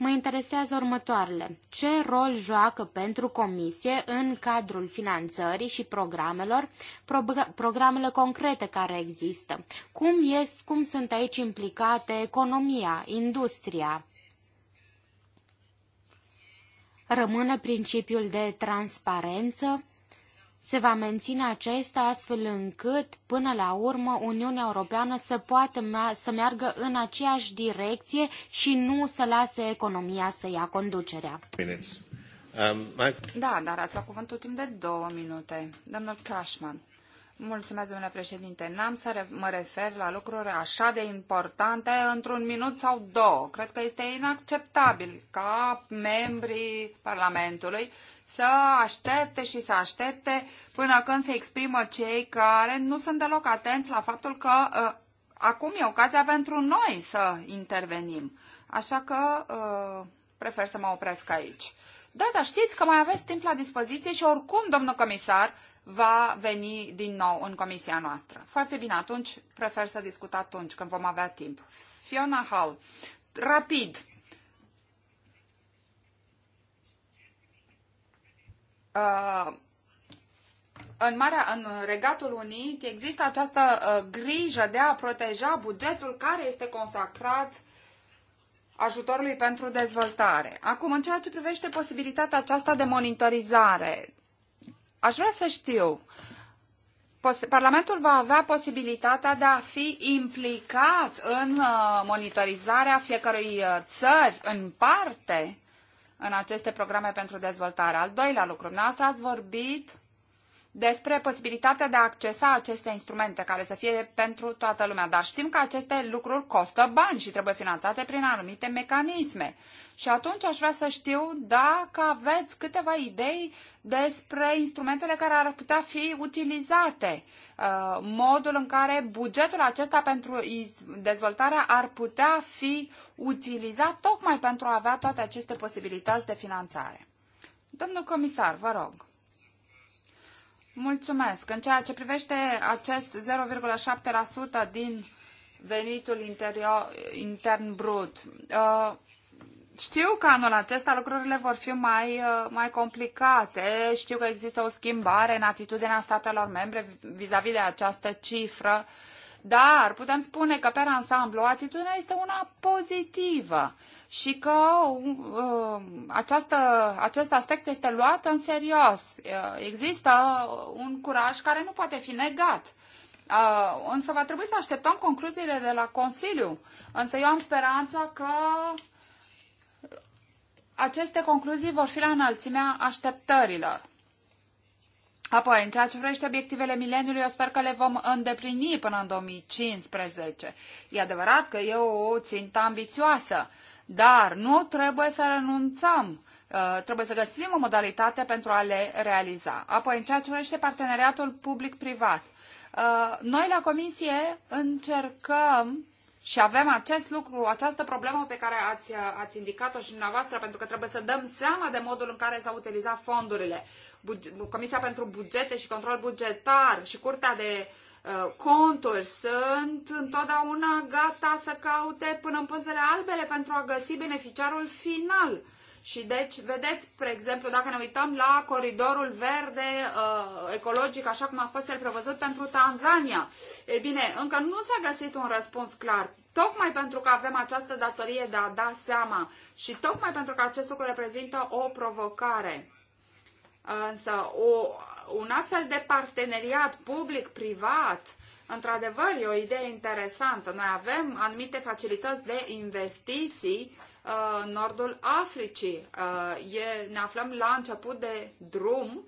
Mă interesează următoarele. Ce rol joacă pentru comisie în cadrul finanțării și programelor, progr- programele concrete care există? Cum, ies, cum sunt aici implicate economia, industria? Rămâne principiul de transparență? se va menține acesta astfel încât, până la urmă, Uniunea Europeană să poată să meargă în aceeași direcție și nu să lase economia să ia conducerea. Um, da, dar ați luat cuvântul timp de două minute. Domnul Cashman. Mulțumesc, domnule președinte. N-am să re mă refer la lucruri așa de importante într-un minut sau două. Cred că este inacceptabil ca membrii Parlamentului să aștepte și să aștepte până când se exprimă cei care nu sunt deloc atenți la faptul că uh, acum e ocazia pentru noi să intervenim. Așa că uh, prefer să mă opresc aici. Da, dar știți că mai aveți timp la dispoziție și oricum, domnul comisar, va veni din nou în comisia noastră. Foarte bine, atunci prefer să discut atunci, când vom avea timp. Fiona Hall, rapid. Uh, în, Marea, în Regatul Unit există această uh, grijă de a proteja bugetul care este consacrat ajutorului pentru dezvoltare. Acum, în ceea ce privește posibilitatea aceasta de monitorizare, Aș vrea să știu, Parlamentul va avea posibilitatea de a fi implicat în uh, monitorizarea fiecărui uh, țări în parte în aceste programe pentru dezvoltare. Al doilea lucru, noastră ați vorbit despre posibilitatea de a accesa aceste instrumente care să fie pentru toată lumea. Dar știm că aceste lucruri costă bani și trebuie finanțate prin anumite mecanisme. Și atunci aș vrea să știu dacă aveți câteva idei despre instrumentele care ar putea fi utilizate, uh, modul în care bugetul acesta pentru dezvoltare ar putea fi utilizat tocmai pentru a avea toate aceste posibilități de finanțare. Domnul comisar, vă rog. Mulțumesc. În ceea ce privește acest 0,7% din venitul interior, intern brut, uh, știu că anul acesta lucrurile vor fi mai, uh, mai complicate. Știu că există o schimbare în atitudinea statelor membre vis-a-vis de această cifră uh, dar putem spune că, pe ansamblu, atitudinea este una pozitivă și că uh, această, acest aspect este luat în serios. Uh, există un curaj care nu poate fi negat. Uh, însă va trebui să așteptăm concluziile de la Consiliu. Însă eu am speranța că aceste concluzii vor fi la înălțimea așteptărilor. Apoi, în ceea ce privește obiectivele mileniului, eu sper că le vom îndeplini până în 2015. E adevărat că e o țintă ambițioasă, dar nu trebuie să renunțăm. Uh, trebuie să găsim o modalitate pentru a le realiza. Apoi, în ceea ce privește parteneriatul public-privat, uh, noi la comisie încercăm și avem acest lucru, această problemă pe care ați, ați indicat-o și dumneavoastră, pentru că trebuie să dăm seama de modul în care s-au utilizat fondurile. Comisia pentru Bugete și Control Bugetar și Curtea de uh, Conturi sunt întotdeauna gata să caute până în pânzele albele pentru a găsi beneficiarul final și deci, vedeți, spre exemplu, dacă ne uităm la coridorul verde uh, ecologic, așa cum a fost el prevăzut pentru Tanzania, e bine, încă nu s-a găsit un răspuns clar. Tocmai pentru că avem această datorie de a da seama și tocmai pentru că acest lucru reprezintă o provocare. Însă, o, un astfel de parteneriat public-privat Într-adevăr, e o idee interesantă. Noi avem anumite facilități de investiții Uh, nordul Africii. Uh, e, ne aflăm la început de drum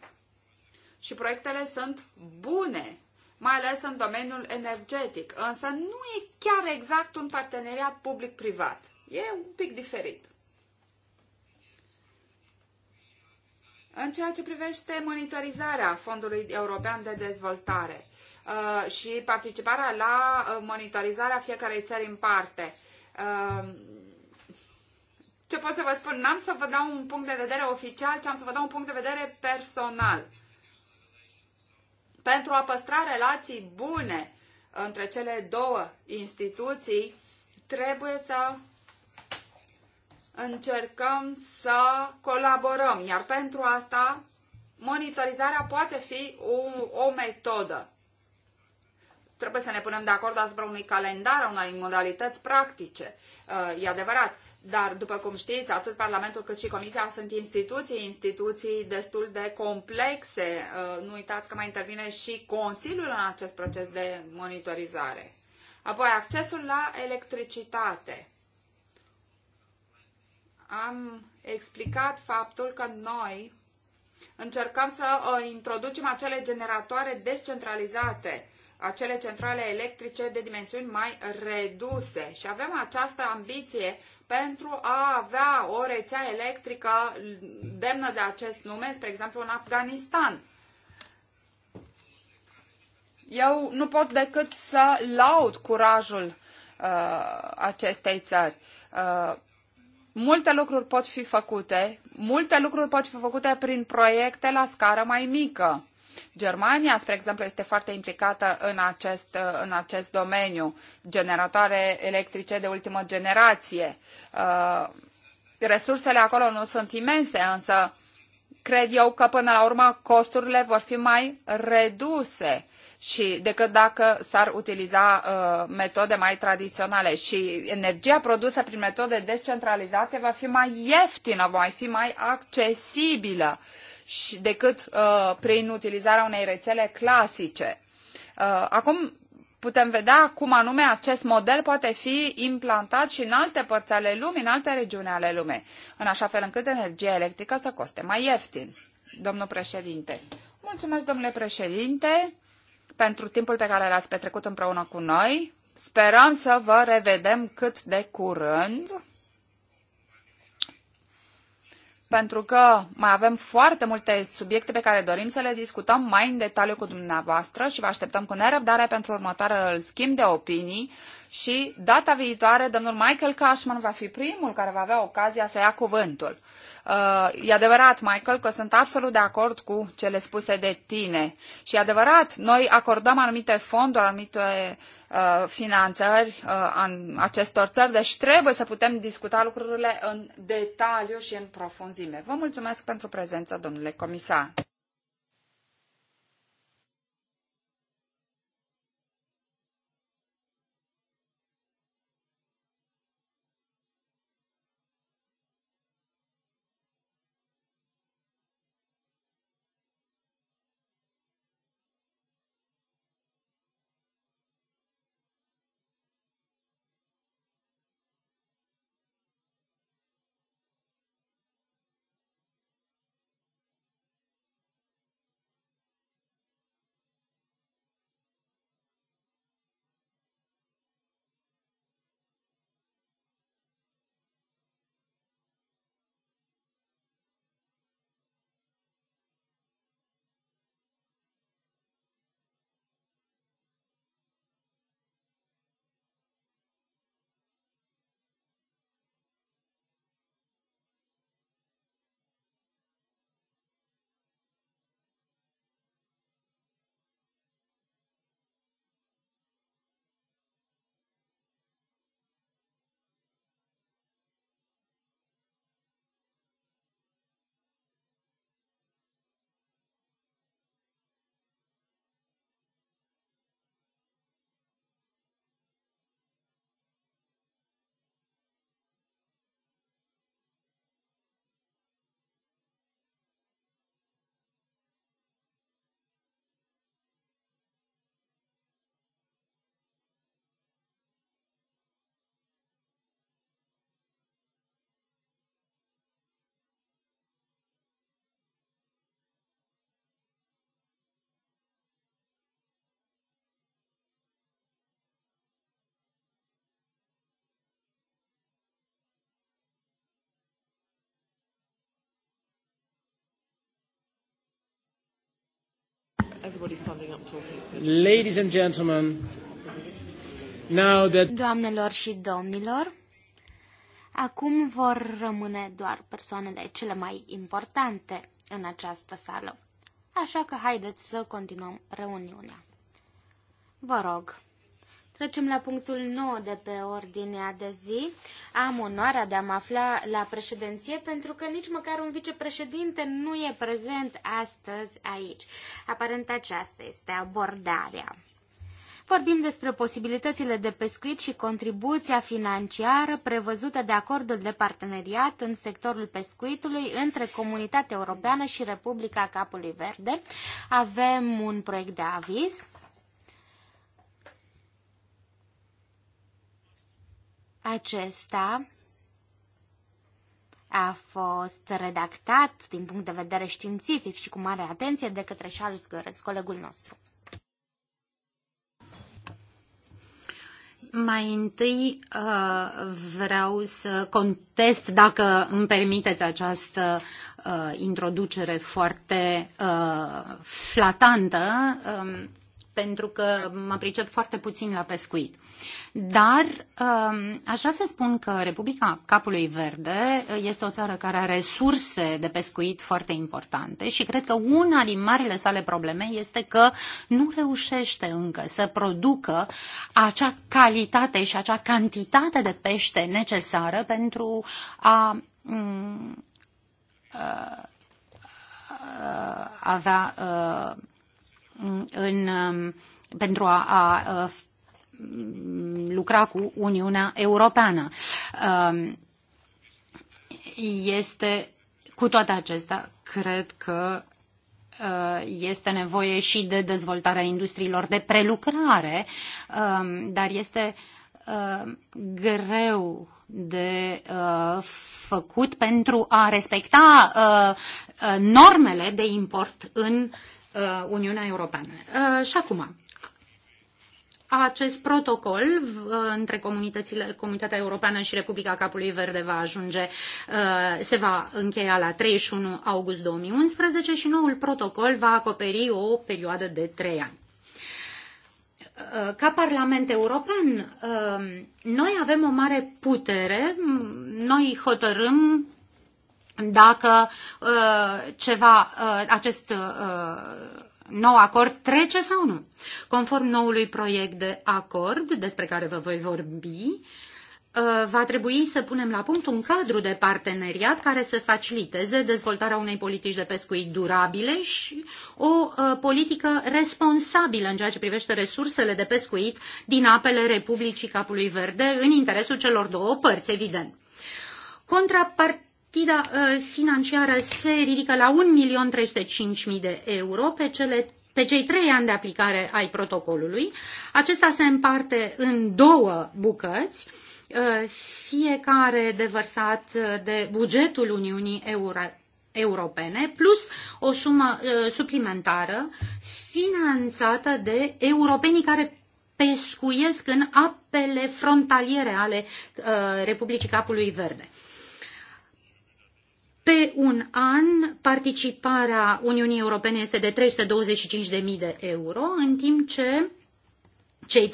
și proiectele sunt bune, mai ales în domeniul energetic, însă nu e chiar exact un parteneriat public-privat. E un pic diferit. În ceea ce privește monitorizarea Fondului European de Dezvoltare uh, și participarea la monitorizarea fiecarei țări în parte, ce pot să vă spun, n-am să vă dau un punct de vedere oficial, ci am să vă dau un punct de vedere personal. Pentru a păstra relații bune între cele două instituții, trebuie să încercăm să colaborăm, iar pentru asta monitorizarea poate fi o, o metodă. Trebuie să ne punem de acord asupra unui calendar, unei modalități practice. Uh, e adevărat. Dar, după cum știți, atât Parlamentul cât și Comisia sunt instituții, instituții destul de complexe. Uh, nu uitați că mai intervine și Consiliul în acest proces de monitorizare. Apoi, accesul la electricitate. Am explicat faptul că noi încercăm să uh, introducem acele generatoare descentralizate, acele centrale electrice de dimensiuni mai reduse și avem această ambiție pentru a avea o rețea electrică demnă de acest nume, spre exemplu în Afganistan. Eu nu pot decât să laud curajul uh, acestei țări. Uh, multe lucruri pot fi făcute, multe lucruri pot fi făcute prin proiecte la scară mai mică. Germania, spre exemplu, este foarte implicată în acest, în acest domeniu. Generatoare electrice de ultimă generație. Uh, resursele acolo nu sunt imense, însă cred eu că până la urmă costurile vor fi mai reduse și decât dacă s-ar utiliza uh, metode mai tradiționale și energia produsă prin metode descentralizate va fi mai ieftină, va fi mai accesibilă. Uh, și decât uh, prin utilizarea unei rețele clasice. Uh, acum putem vedea cum anume acest model poate fi implantat și în alte părți ale lumii, în alte regiuni ale lumii, în așa fel încât energia electrică să coste mai ieftin. Domnul președinte. Mulțumesc, domnule președinte, pentru timpul pe care l-ați petrecut împreună cu noi. Sperăm să vă revedem cât de curând pentru că mai avem foarte multe subiecte pe care dorim să le discutăm mai în detaliu cu dumneavoastră și vă așteptăm cu nerăbdare pentru următoarele schimb de opinii și data viitoare domnul Michael Cashman va fi primul care va avea ocazia să ia cuvântul. Uh, e adevărat, Michael, că sunt absolut de acord cu cele spuse de tine. Și e adevărat, noi acordăm anumite fonduri, anumite uh, finanțări uh, acestor țări, deci trebuie să putem discuta lucrurile în detaliu și în profunzime. Vă mulțumesc pentru prezență, domnule comisar. Ladies and gentlemen, now that... Doamnelor și domnilor, acum vor rămâne doar persoanele cele mai importante în această sală. Așa că haideți să continuăm reuniunea. Vă rog. Trecem la punctul 9 de pe ordinea de zi. Am onoarea de a mă afla la președinție pentru că nici măcar un vicepreședinte nu e prezent astăzi aici. Aparent aceasta este abordarea. Vorbim despre posibilitățile de pescuit și contribuția financiară prevăzută de acordul de parteneriat în sectorul pescuitului între Comunitatea Europeană și Republica Capului Verde. Avem un proiect de aviz. Acesta a fost redactat din punct de vedere științific și cu mare atenție de către Charles Goretz, colegul nostru. Mai întâi uh, vreau să contest, dacă îmi permiteți această uh, introducere foarte uh, flatantă. Um, pentru că mă pricep foarte puțin la pescuit. Dar um, aș vrea să spun că Republica Capului Verde uh, este o țară care are resurse de pescuit foarte importante și cred că una din marile sale probleme este că nu reușește încă să producă acea calitate și acea cantitate de pește necesară pentru a mm, uh, uh, avea în, um, pentru a, a lucra cu Uniunea Europeană. Um, este cu toate acestea, cred că uh, este nevoie și de dezvoltarea industriilor de prelucrare, um, dar este uh, greu de uh, făcut pentru a respecta normele de import în Uh, Uniunea Europeană. Uh, și acum, acest protocol uh, între comunitățile, Comunitatea Europeană și Republica Capului Verde va ajunge, se va încheia la 31 august 2011 și noul protocol va acoperi o perioadă de trei ani. Ca Parlament European, noi avem o mare putere, noi hotărâm dacă uh, ceva, uh, acest uh, nou acord trece sau nu. Conform noului proiect de acord, despre care vă voi vorbi, uh, va trebui să punem la punct un cadru de parteneriat care să faciliteze dezvoltarea unei politici de pescuit durabile și o uh, politică responsabilă în ceea ce privește resursele de pescuit din apele Republicii Capului Verde, în interesul celor două părți, evident. Contrapart partida uh, financiară se ridică la 1.305.000 de euro pe cele pe cei trei ani de aplicare ai protocolului. Acesta se împarte în două bucăți, uh, fiecare devărsat uh, de bugetul Uniunii Europene Europene, plus o sumă suplimentară finanțată de europenii care pescuiesc în apele frontaliere ale Republicii Capului Verde. Pe un an, participarea Uniunii Europene este de 325.000 de euro, în timp ce cei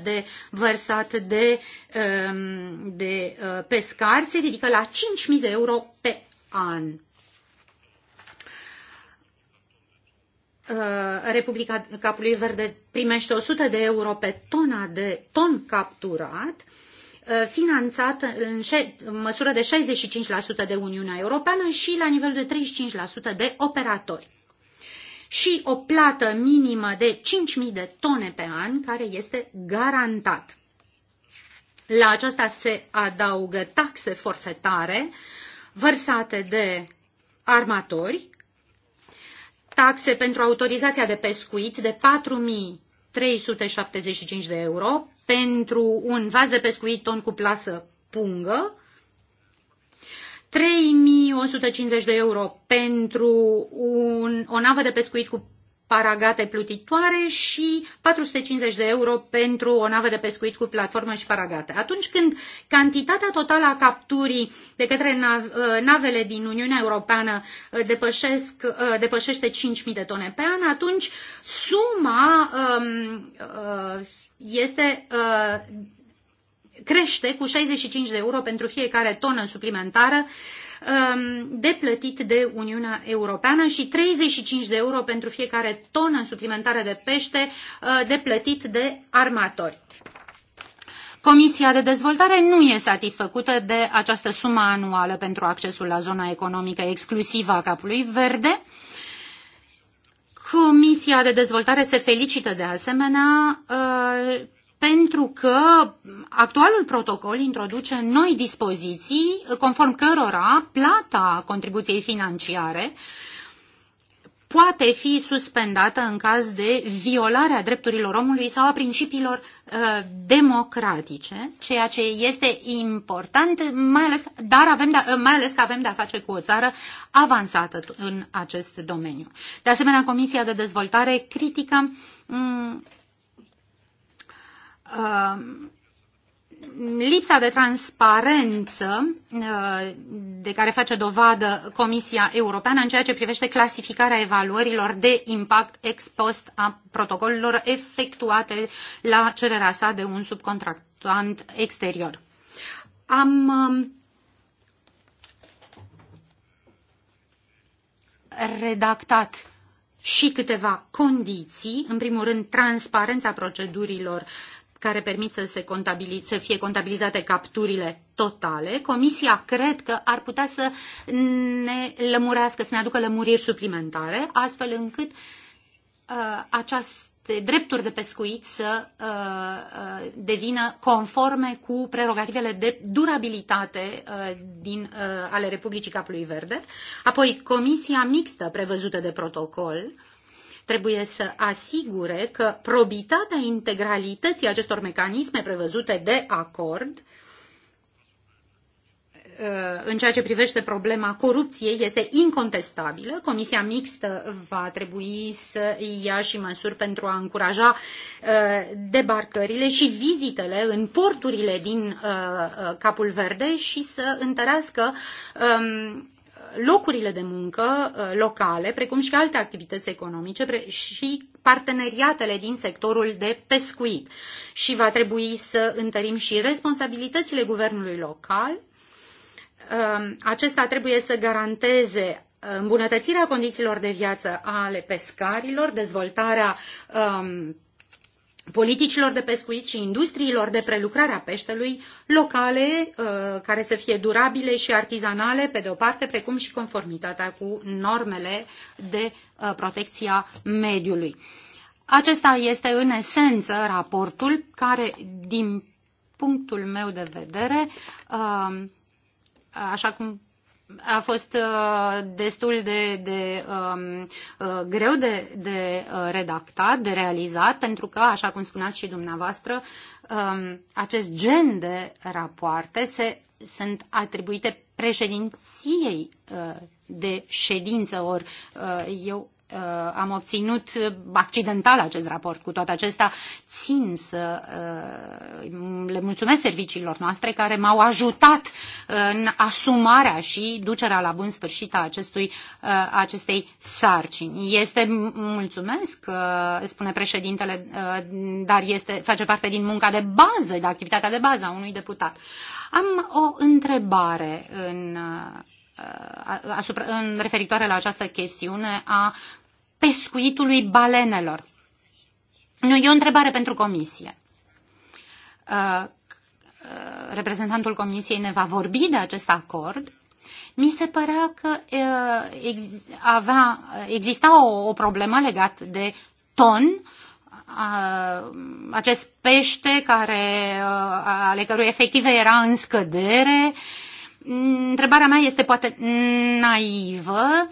13% de vărsat de, um, de uh, pescar se ridică la 5.000 de euro pe an. Uh, Republica Capului Verde primește 100 de euro pe tona de ton capturat, Uh, finanțat în măsură de 65% de Uniunea Europeană și la nivel de 35% de operatori. Și o plată minimă de 5.000 de tone pe an care este garantat. La aceasta se adaugă taxe forfetare vărsate de armatori, taxe pentru autorizația de pescuit de 4.375 de euro, pentru un vas de pescuit ton cu plasă pungă, 3150 de euro pentru un, o navă de pescuit cu paragate plutitoare și 450 de euro pentru o navă de pescuit cu platformă și paragate. Atunci când cantitatea totală a capturii de către ă, navele din Uniunea Europeană ă, depășesc, ă, depășește 5.000 de tone pe an, atunci suma um, uh, este uh, crește cu 65 de euro pentru fiecare tonă suplimentară um, de plătit de Uniunea Europeană și 35 de euro pentru fiecare tonă suplimentară de pește uh, de plătit de armatori. Comisia de dezvoltare nu e satisfăcută de această sumă anuală pentru accesul la zona economică exclusivă a capului verde, Comisia de dezvoltare se felicită de asemenea uh, pentru că actualul protocol introduce noi dispoziții conform cărora plata contribuției financiare uh, poate fi suspendată în caz de violare a drepturilor omului sau a principiilor uh, democratice, ceea ce este important, mai ales, dar avem de, mai ales că avem de-a face cu o țară avansată în acest domeniu. De asemenea, Comisia de Dezvoltare critică um, uh, lipsa de transparență uh, de care face dovadă Comisia Europeană în ceea ce privește clasificarea evaluărilor de impact ex post a protocolelor efectuate la cererea sa de un subcontractant exterior. Am um, redactat și câteva condiții, în primul rând transparența procedurilor uh, care permit să, se contabiliz- să fie contabilizate capturile totale, Comisia cred că ar putea să ne lămurească, să ne aducă lămuriri suplimentare, astfel încât uh, aceste drepturi de pescuit să uh, uh, devină conforme cu prerogativele de durabilitate uh, din, uh, ale Republicii Capului Verde. Apoi, Comisia mixtă prevăzută de protocol uh, trebuie să asigure că probitatea integralității acestor mecanisme prevăzute de acord uh, în ceea ce privește problema corupției este incontestabilă. Comisia mixtă va trebui să ia și măsuri pentru a încuraja uh, debarcările și vizitele în porturile din uh, Capul Verde și să întărească um, locurile de muncă uh, locale, precum și alte activități economice și parteneriatele din sectorul de pescuit. Și va trebui să întărim și responsabilitățile guvernului local. Um, acesta trebuie să garanteze uh, îmbunătățirea condițiilor de viață ale pescarilor, dezvoltarea um, politicilor de pescuit și industriilor de prelucrare a peștelui locale uh, care să fie durabile și artizanale, pe de o parte, precum și conformitatea cu normele de uh, protecția mediului. Acesta este în esență raportul care, din punctul meu de vedere, uh, așa cum a fost uh, destul de, de um, uh, greu de, de uh, redactat, de realizat, pentru că, așa cum spuneați și dumneavoastră, um, acest gen de rapoarte se, sunt atribuite președinției uh, de ședință, ori eu Uh, am obținut accidental acest raport. Cu toate acestea, țin să uh, le mulțumesc serviciilor noastre care m-au ajutat în asumarea și ducerea la bun sfârșit a acestui, uh, acestei sarcini. Este, mulțumesc, spune președintele, dar este, face parte din munca de bază, de activitatea de bază a unui deputat. Am o întrebare în asupra, în referitoare la această chestiune a pescuitului balenelor. Nu, e o întrebare pentru comisie. Uh, uh, reprezentantul comisiei ne va vorbi de acest acord. Mi se părea că uh, ex avea, exista o, o problemă legată de ton, uh, acest pește care, uh, ale cărui efective era în scădere. Mm, întrebarea mea este poate naivă,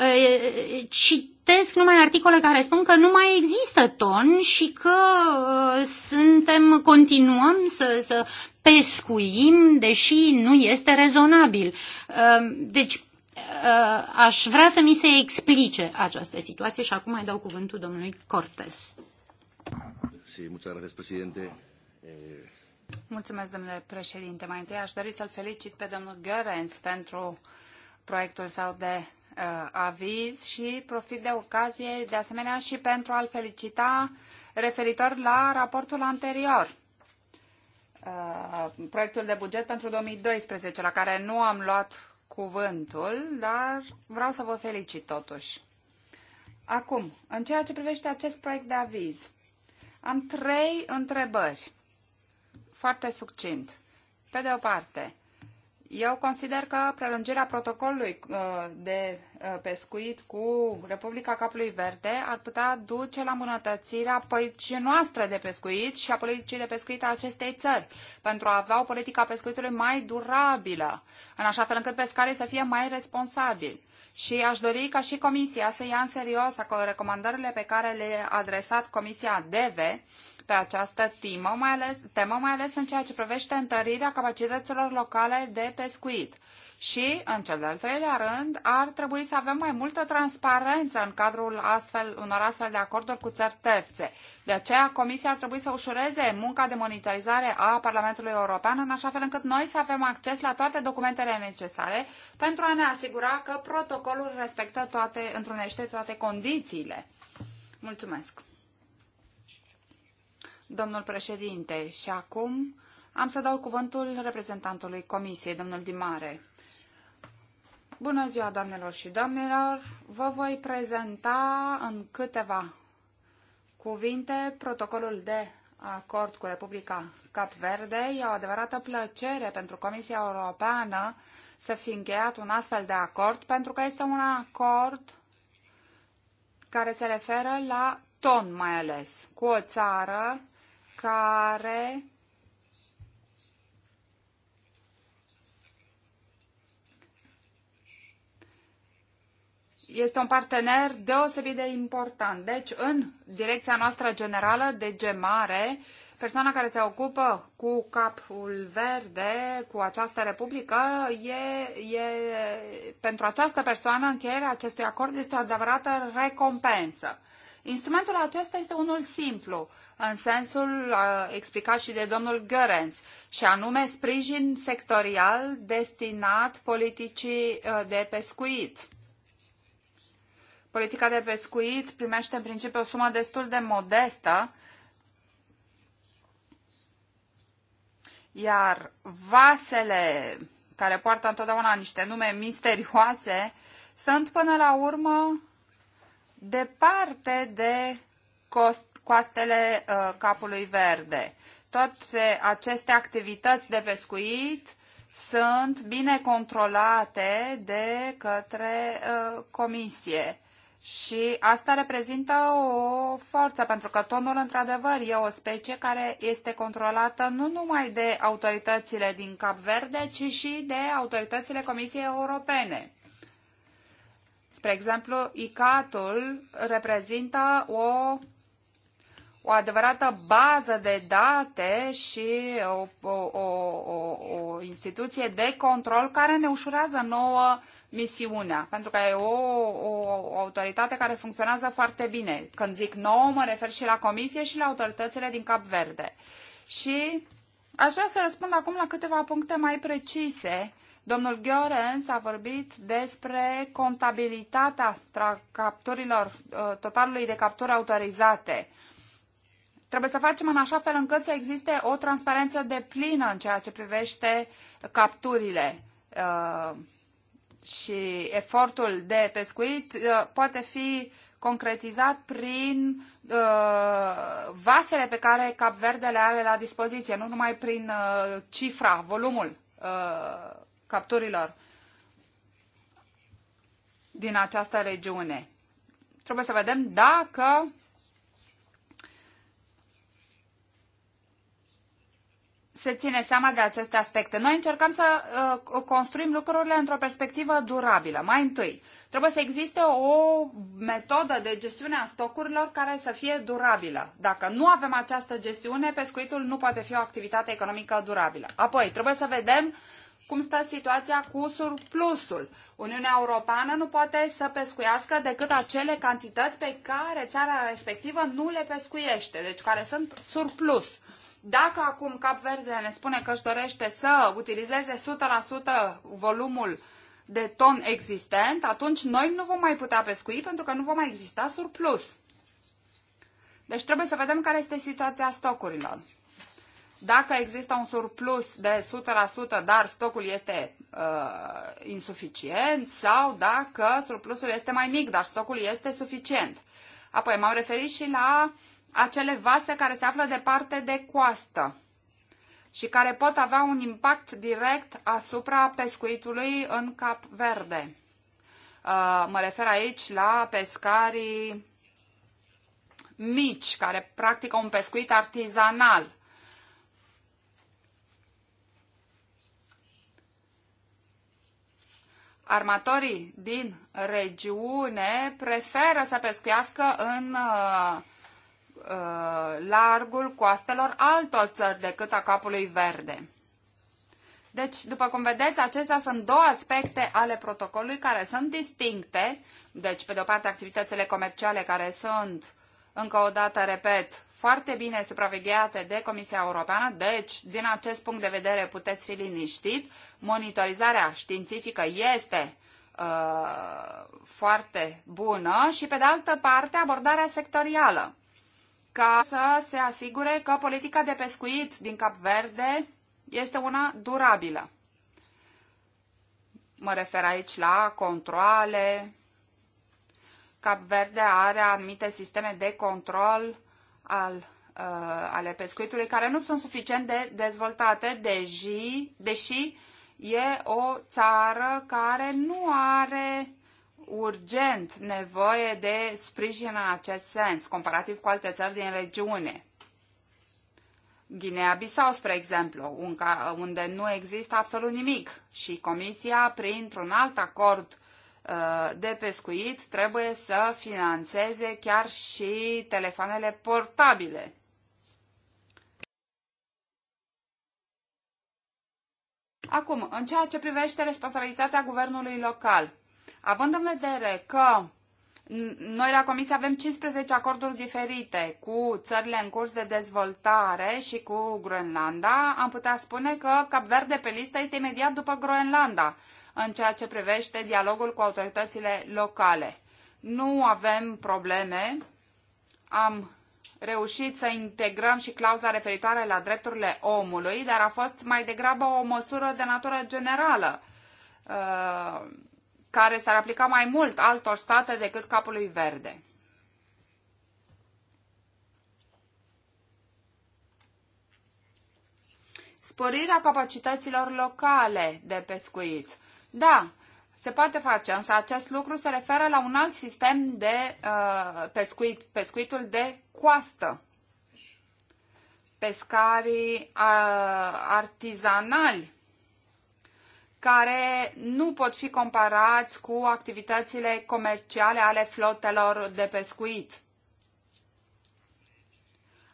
uh, ci citesc numai articole care spun că nu mai există ton și că uh, suntem, continuăm să, să pescuim, deși nu este rezonabil. Uh, deci, uh, aș vrea să mi se explice această situație și acum mai dau cuvântul domnului Cortes. Sí, gracias, presidente. Eh, Mulțumesc, domnule președinte. Mai întâi aș dori să-l felicit pe domnul Görens pentru proiectul său de Uh, aviz și profit de ocazie de asemenea și pentru a-l felicita referitor la raportul anterior. Uh, proiectul de buget pentru 2012, la care nu am luat cuvântul, dar vreau să vă felicit totuși. Acum, în ceea ce privește acest proiect de aviz, am trei întrebări. Foarte succint. Pe de o parte, eu consider că prelungirea protocolului uh, de uh, pescuit cu Republica Capului Verde ar putea duce la îmbunătățirea politicii noastre de pescuit și a politicii de pescuit a acestei țări, pentru a avea o politică a pescuitului mai durabilă, în așa fel încât pescarii să fie mai responsabili. Și aș dori ca și Comisia să ia în serios recomandările pe care le-a adresat Comisia DEVE, pe această temă, mai ales, temă, mai ales în ceea ce privește întărirea capacităților locale de pescuit. Și, în cel de-al treilea rând, ar trebui să avem mai multă transparență în cadrul astfel, unor astfel de acorduri cu țări terțe. De aceea, Comisia ar trebui să ușureze munca de monitorizare a Parlamentului European, în așa fel încât noi să avem acces la toate documentele necesare pentru a ne asigura că protocolul respectă toate, întrunește toate condițiile. Mulțumesc! domnul președinte. Și acum am să dau cuvântul reprezentantului Comisiei, domnul Dimare. Bună ziua, doamnelor și domnilor! Vă voi prezenta în câteva cuvinte protocolul de acord cu Republica Cap Verde. E o adevărată plăcere pentru Comisia Europeană să fi încheiat un astfel de acord, pentru că este un acord care se referă la ton mai ales, cu o țară care este un partener deosebit de important. Deci, în direcția noastră generală de gemare, persoana care se ocupă cu capul verde, cu această republică, e, e, pentru această persoană încheierea acestui acord este o adevărată recompensă. Instrumentul acesta este unul simplu în sensul explicat și de domnul Görens, și anume sprijin sectorial destinat politicii de pescuit. Politica de pescuit primește în principiu o sumă destul de modestă, iar vasele care poartă întotdeauna niște nume misterioase sunt până la urmă departe de cost coastele uh, Capului Verde. Toate aceste activități de pescuit sunt bine controlate de către uh, comisie. Și asta reprezintă o forță, pentru că tonul, într-adevăr, e o specie care este controlată nu numai de autoritățile din Cap Verde, ci și de autoritățile Comisiei Europene. Spre exemplu, ICAT-ul reprezintă o o adevărată bază de date și o, o, o, o instituție de control care ne ușurează nouă misiunea, pentru că e o, o, o autoritate care funcționează foarte bine. Când zic nouă, mă refer și la comisie și la autoritățile din Cap Verde. Și aș vrea să răspund acum la câteva puncte mai precise. Domnul Gheorens a vorbit despre contabilitatea capturilor, uh, totalului de capturi autorizate Trebuie să facem în așa fel încât să existe o transparență de plină în ceea ce privește capturile uh, și efortul de pescuit uh, poate fi concretizat prin uh, vasele pe care Cap Verde le are la dispoziție, nu numai prin uh, cifra, volumul uh, capturilor din această regiune. Trebuie să vedem dacă se ține seama de aceste aspecte. Noi încercăm să uh, construim lucrurile într-o perspectivă durabilă. Mai întâi, trebuie să existe o metodă de gestiune a stocurilor care să fie durabilă. Dacă nu avem această gestiune, pescuitul nu poate fi o activitate economică durabilă. Apoi, trebuie să vedem cum stă situația cu surplusul. Uniunea Europeană nu poate să pescuiască decât acele cantități pe care țara respectivă nu le pescuiește, deci care sunt surplus. Uh, dacă acum Cap Verde ne spune că își dorește să utilizeze 100% volumul de ton existent, atunci noi nu vom mai putea pescui pentru că nu vom mai exista surplus. Deci trebuie să vedem care este situația stocurilor. Dacă există un surplus de 100%, dar stocul este uh, insuficient, sau dacă surplusul este mai mic, dar stocul este suficient. Apoi m-am referit și la uh, acele vase care se află departe de coastă și care pot avea un impact direct asupra pescuitului în Cap Verde. Uh, mă refer aici la pescarii mici, care practică un pescuit artizanal. Armatorii din regiune preferă să pescuiască în uh, Uh, largul coastelor altor țări decât a capului verde. Deci, după cum vedeți, acestea sunt două aspecte ale protocolului care sunt distincte. Deci, pe de o parte, activitățile comerciale care sunt, încă o dată, repet, foarte bine supravegheate de Comisia Europeană, deci, din acest punct de vedere, puteți fi liniștit. Monitorizarea științifică este uh, foarte bună și, pe de altă parte, abordarea sectorială ca să se asigure că politica de pescuit din Cap Verde este una durabilă. Mă refer aici la controle. Cap Verde are anumite sisteme de control al, uh, ale pescuitului care nu sunt suficient de dezvoltate, deși, deși e o țară care nu are urgent nevoie de sprijin în acest sens, comparativ cu alte țări din regiune. Guinea-Bissau, spre exemplu, unde nu există absolut nimic și Comisia, printr-un alt acord uh, de pescuit, trebuie să financeze chiar și telefoanele portabile. Acum, în ceea ce privește responsabilitatea guvernului local, Având în vedere că noi la Comisie avem 15 acorduri diferite cu țările în curs de dezvoltare și cu Groenlanda. Am putea spune că Cap Verde pe listă este imediat după Groenlanda în ceea ce privește dialogul cu autoritățile locale. Nu avem probleme. Am reușit să integrăm și clauza referitoare la drepturile omului, dar a fost mai degrabă o măsură de natură generală. Uh care s-ar aplica mai mult altor state decât capului verde. Sporirea capacităților locale de pescuit. Da, se poate face, însă acest lucru se referă la un alt sistem de uh, pescuit, pescuitul de coastă. Pescarii uh, artizanali care nu pot fi comparați cu activitățile comerciale ale flotelor de pescuit.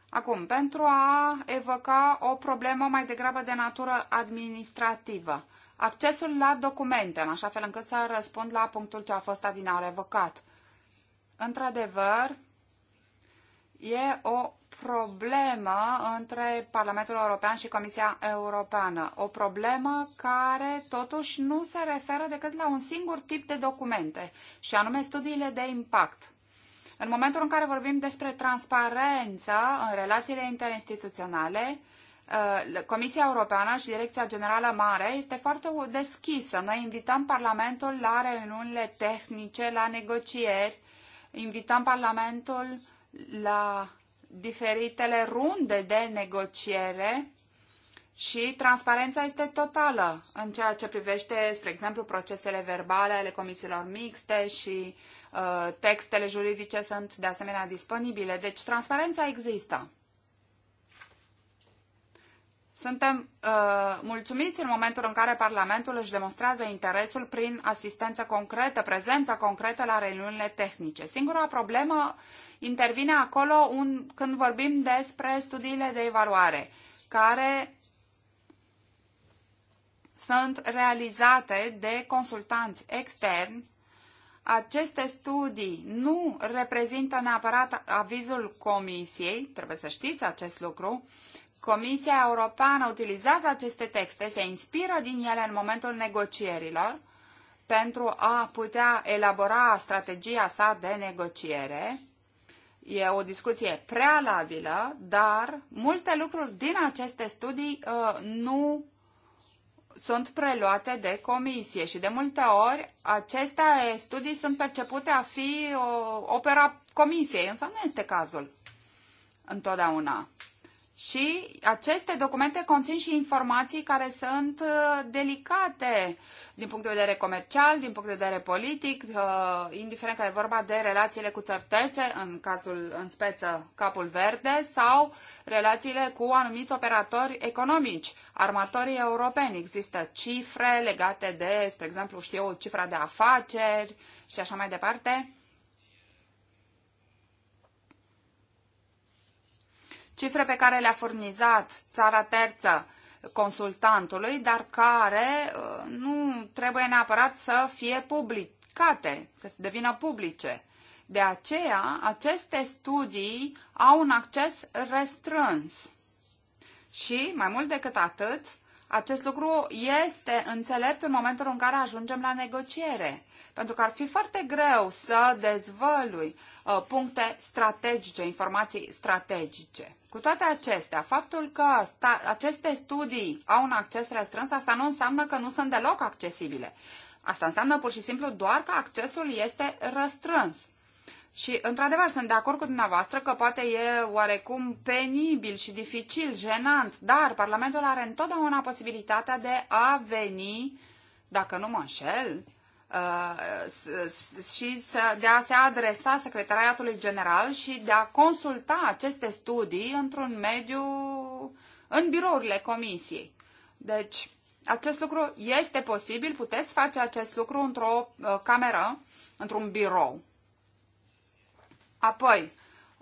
Acum, pentru a evoca o problemă mai degrabă de natură administrativă, accesul la documente, în așa fel încât să răspund la punctul ce a fost adinaur evocat. Într-adevăr, e o problemă între Parlamentul European și Comisia Europeană. O problemă care totuși nu se referă decât la un singur tip de documente, și anume studiile de impact. În momentul în care vorbim despre transparență în relațiile interinstituționale, uh, Comisia Europeană și Direcția Generală Mare este foarte deschisă. Noi invităm Parlamentul la reuniunile tehnice, la negocieri, invităm Parlamentul la diferitele runde de negociere și transparența este totală în ceea ce privește, spre exemplu, procesele verbale ale comisiilor mixte și uh, textele juridice sunt de asemenea disponibile. Deci transparența există. Suntem uh, mulțumiți în momentul în care Parlamentul își demonstrează interesul prin asistență concretă, prezența concretă la reuniunile tehnice. Singura problemă intervine acolo un, când vorbim despre studiile de evaluare, care sunt realizate de consultanți externi. Aceste studii nu reprezintă neapărat avizul comisiei, trebuie să știți acest lucru, Comisia Europeană utilizează aceste texte, se inspiră din ele în momentul negocierilor pentru a putea elabora strategia sa de negociere. E o discuție prealabilă, dar multe lucruri din aceste studii uh, nu sunt preluate de comisie și de multe ori aceste studii sunt percepute a fi uh, opera comisiei, însă nu este cazul întotdeauna. Și aceste documente conțin și informații care sunt uh, delicate din punct de vedere comercial, din punct de vedere politic, uh, indiferent că e vorba de relațiile cu țărtelțe, în cazul în speță Capul Verde, sau relațiile cu anumiți operatori economici, armatorii europeni. Există cifre legate de, spre exemplu, știu eu, cifra de afaceri și așa mai departe cifre pe care le-a furnizat țara terță consultantului, dar care uh, nu trebuie neapărat să fie publicate, să devină publice. De aceea, aceste studii au un acces restrâns. Și, mai mult decât atât, acest lucru este înțelept în momentul în care ajungem la negociere pentru că ar fi foarte greu să dezvălui uh, puncte strategice, informații strategice. Cu toate acestea, faptul că sta- aceste studii au un acces restrâns, asta nu înseamnă că nu sunt deloc accesibile. Asta înseamnă pur și simplu doar că accesul este răstrâns. Și, într-adevăr, sunt de acord cu dumneavoastră că poate e oarecum penibil și dificil, jenant, dar Parlamentul are întotdeauna posibilitatea de a veni, dacă nu mă înșel, Uh, și să, de a se adresa Secretariatului General și de a consulta aceste studii într-un mediu, în birourile Comisiei. Deci, acest lucru este posibil, puteți face acest lucru într-o uh, cameră, într-un birou. Apoi,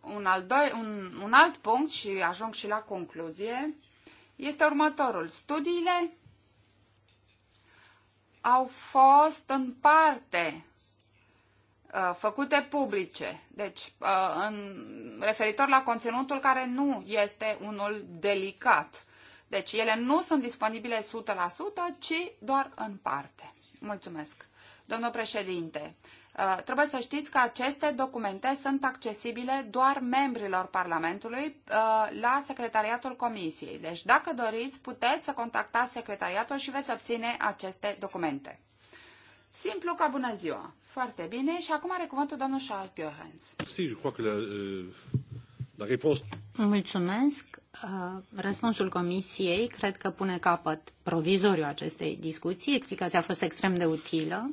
un, al doi, un, un alt punct și ajung și la concluzie, este următorul. Studiile au fost în parte uh, făcute publice, deci uh, în, referitor la conținutul care nu este unul delicat. Deci ele nu sunt disponibile 100%, ci doar în parte. Mulțumesc. Domnul președinte, Uh, trebuie să știți că aceste documente sunt accesibile doar membrilor Parlamentului uh, la Secretariatul Comisiei. Deci, dacă doriți, puteți să contactați Secretariatul și veți obține aceste documente. Simplu ca bună ziua. Foarte bine. Și acum are cuvântul domnul Charles Goerens. Euh, Mulțumesc. Uh, răspunsul comisiei cred că pune capăt provizoriu acestei discuții. Explicația a fost extrem de utilă.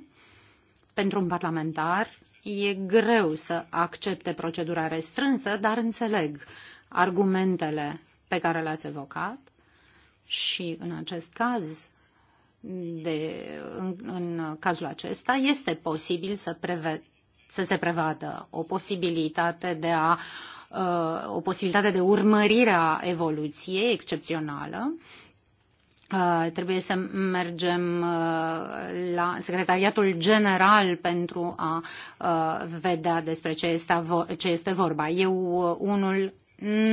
Pentru un parlamentar e greu să accepte procedura restrânsă, dar înțeleg argumentele pe care le-ați evocat și în acest caz, de, în, în cazul acesta, este posibil să, preve, să se prevadă o posibilitate de a uh, o posibilitate de urmărire a evoluției excepțională Uh, trebuie să mergem uh, la Secretariatul General pentru a uh, vedea despre ce este, ce este vorba. Eu, unul,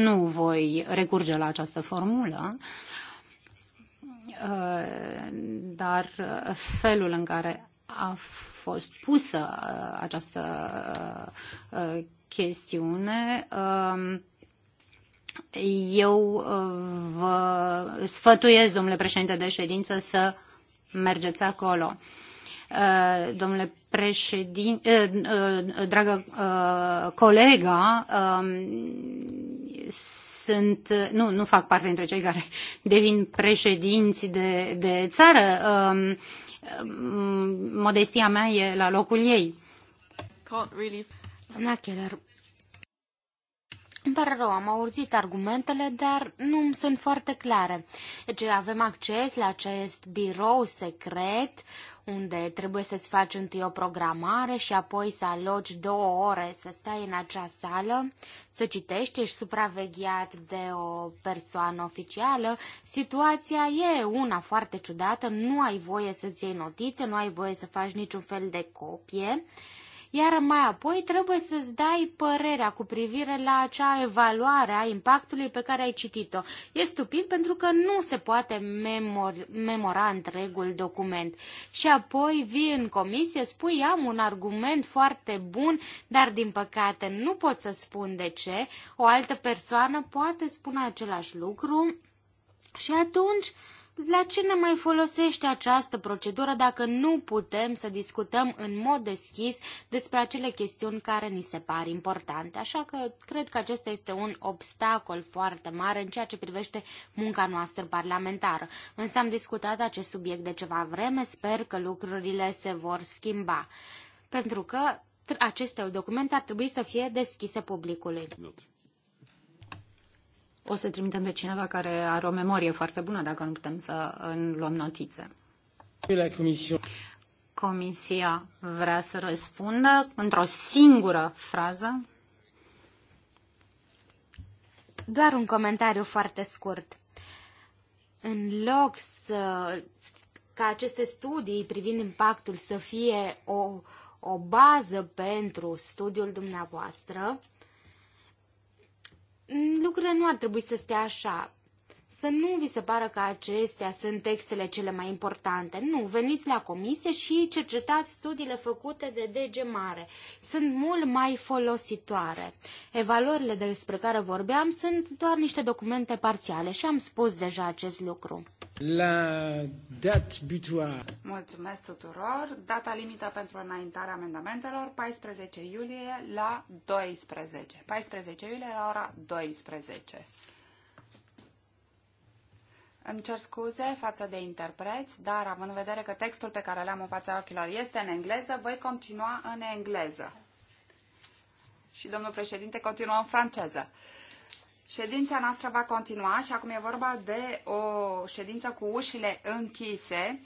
nu voi recurge la această formulă, dar felul în care a fost pusă această chestiune eu uh, vă sfătuiesc, domnule președinte de ședință, să mergeți acolo. Uh, domnule președinte, uh, dragă colega, um, sunt, nu, nu fac parte dintre cei care devin președinți de, de țară. Um, um, modestia mea e la locul ei. Doamna Keller, îmi pare rău, am auzit argumentele, dar nu sunt foarte clare. Deci avem acces la acest birou secret unde trebuie să-ți faci întâi o programare și apoi să alogi două ore să stai în acea sală, să citești, ești supravegheat de o persoană oficială. Situația e una foarte ciudată, nu ai voie să-ți iei notițe, nu ai voie să faci niciun fel de copie. Uh, iar mai apoi trebuie să-ți dai părerea cu privire la acea evaluare a impactului pe care ai citit-o. E stupid pentru că nu se poate memor- memora întregul document. Și apoi vii în comisie, spui am un argument foarte bun, dar din păcate nu pot să spun de ce. O altă persoană poate spune același lucru și atunci la ce ne mai folosește această procedură dacă nu putem să discutăm în mod deschis despre acele chestiuni care ni se par importante? Așa că cred că acesta este un obstacol foarte mare în ceea ce privește munca noastră parlamentară. Însă am discutat acest subiect de ceva vreme, sper că lucrurile se vor schimba. Pentru că aceste documente ar trebui să fie deschise publicului. Not. O să trimitem pe cineva care are o memorie foarte bună, dacă nu putem să luăm notițe. La Comisia vrea să răspundă într-o singură frază. Doar un comentariu foarte scurt. În loc să, ca aceste studii privind impactul să fie o, o bază pentru studiul dumneavoastră, lucrurile nu ar trebui să stea așa. Să nu vi se pară că acestea sunt textele cele mai importante. Nu, veniți la comisie și cercetați studiile făcute de DG Mare. Sunt mult mai folositoare. Evaluările despre care vorbeam sunt doar niște documente parțiale și am spus deja acest lucru. La dat butoir. Mulțumesc tuturor. Data limită pentru înaintarea amendamentelor 14 iulie la 12. 14 iulie la ora 12. Îmi cer scuze față de interpreți, dar având în vedere că textul pe care l-am în fața ochilor este în engleză, voi continua în engleză. Și domnul președinte continuă în franceză. Ședința noastră va continua și acum e vorba de o ședință cu ușile închise.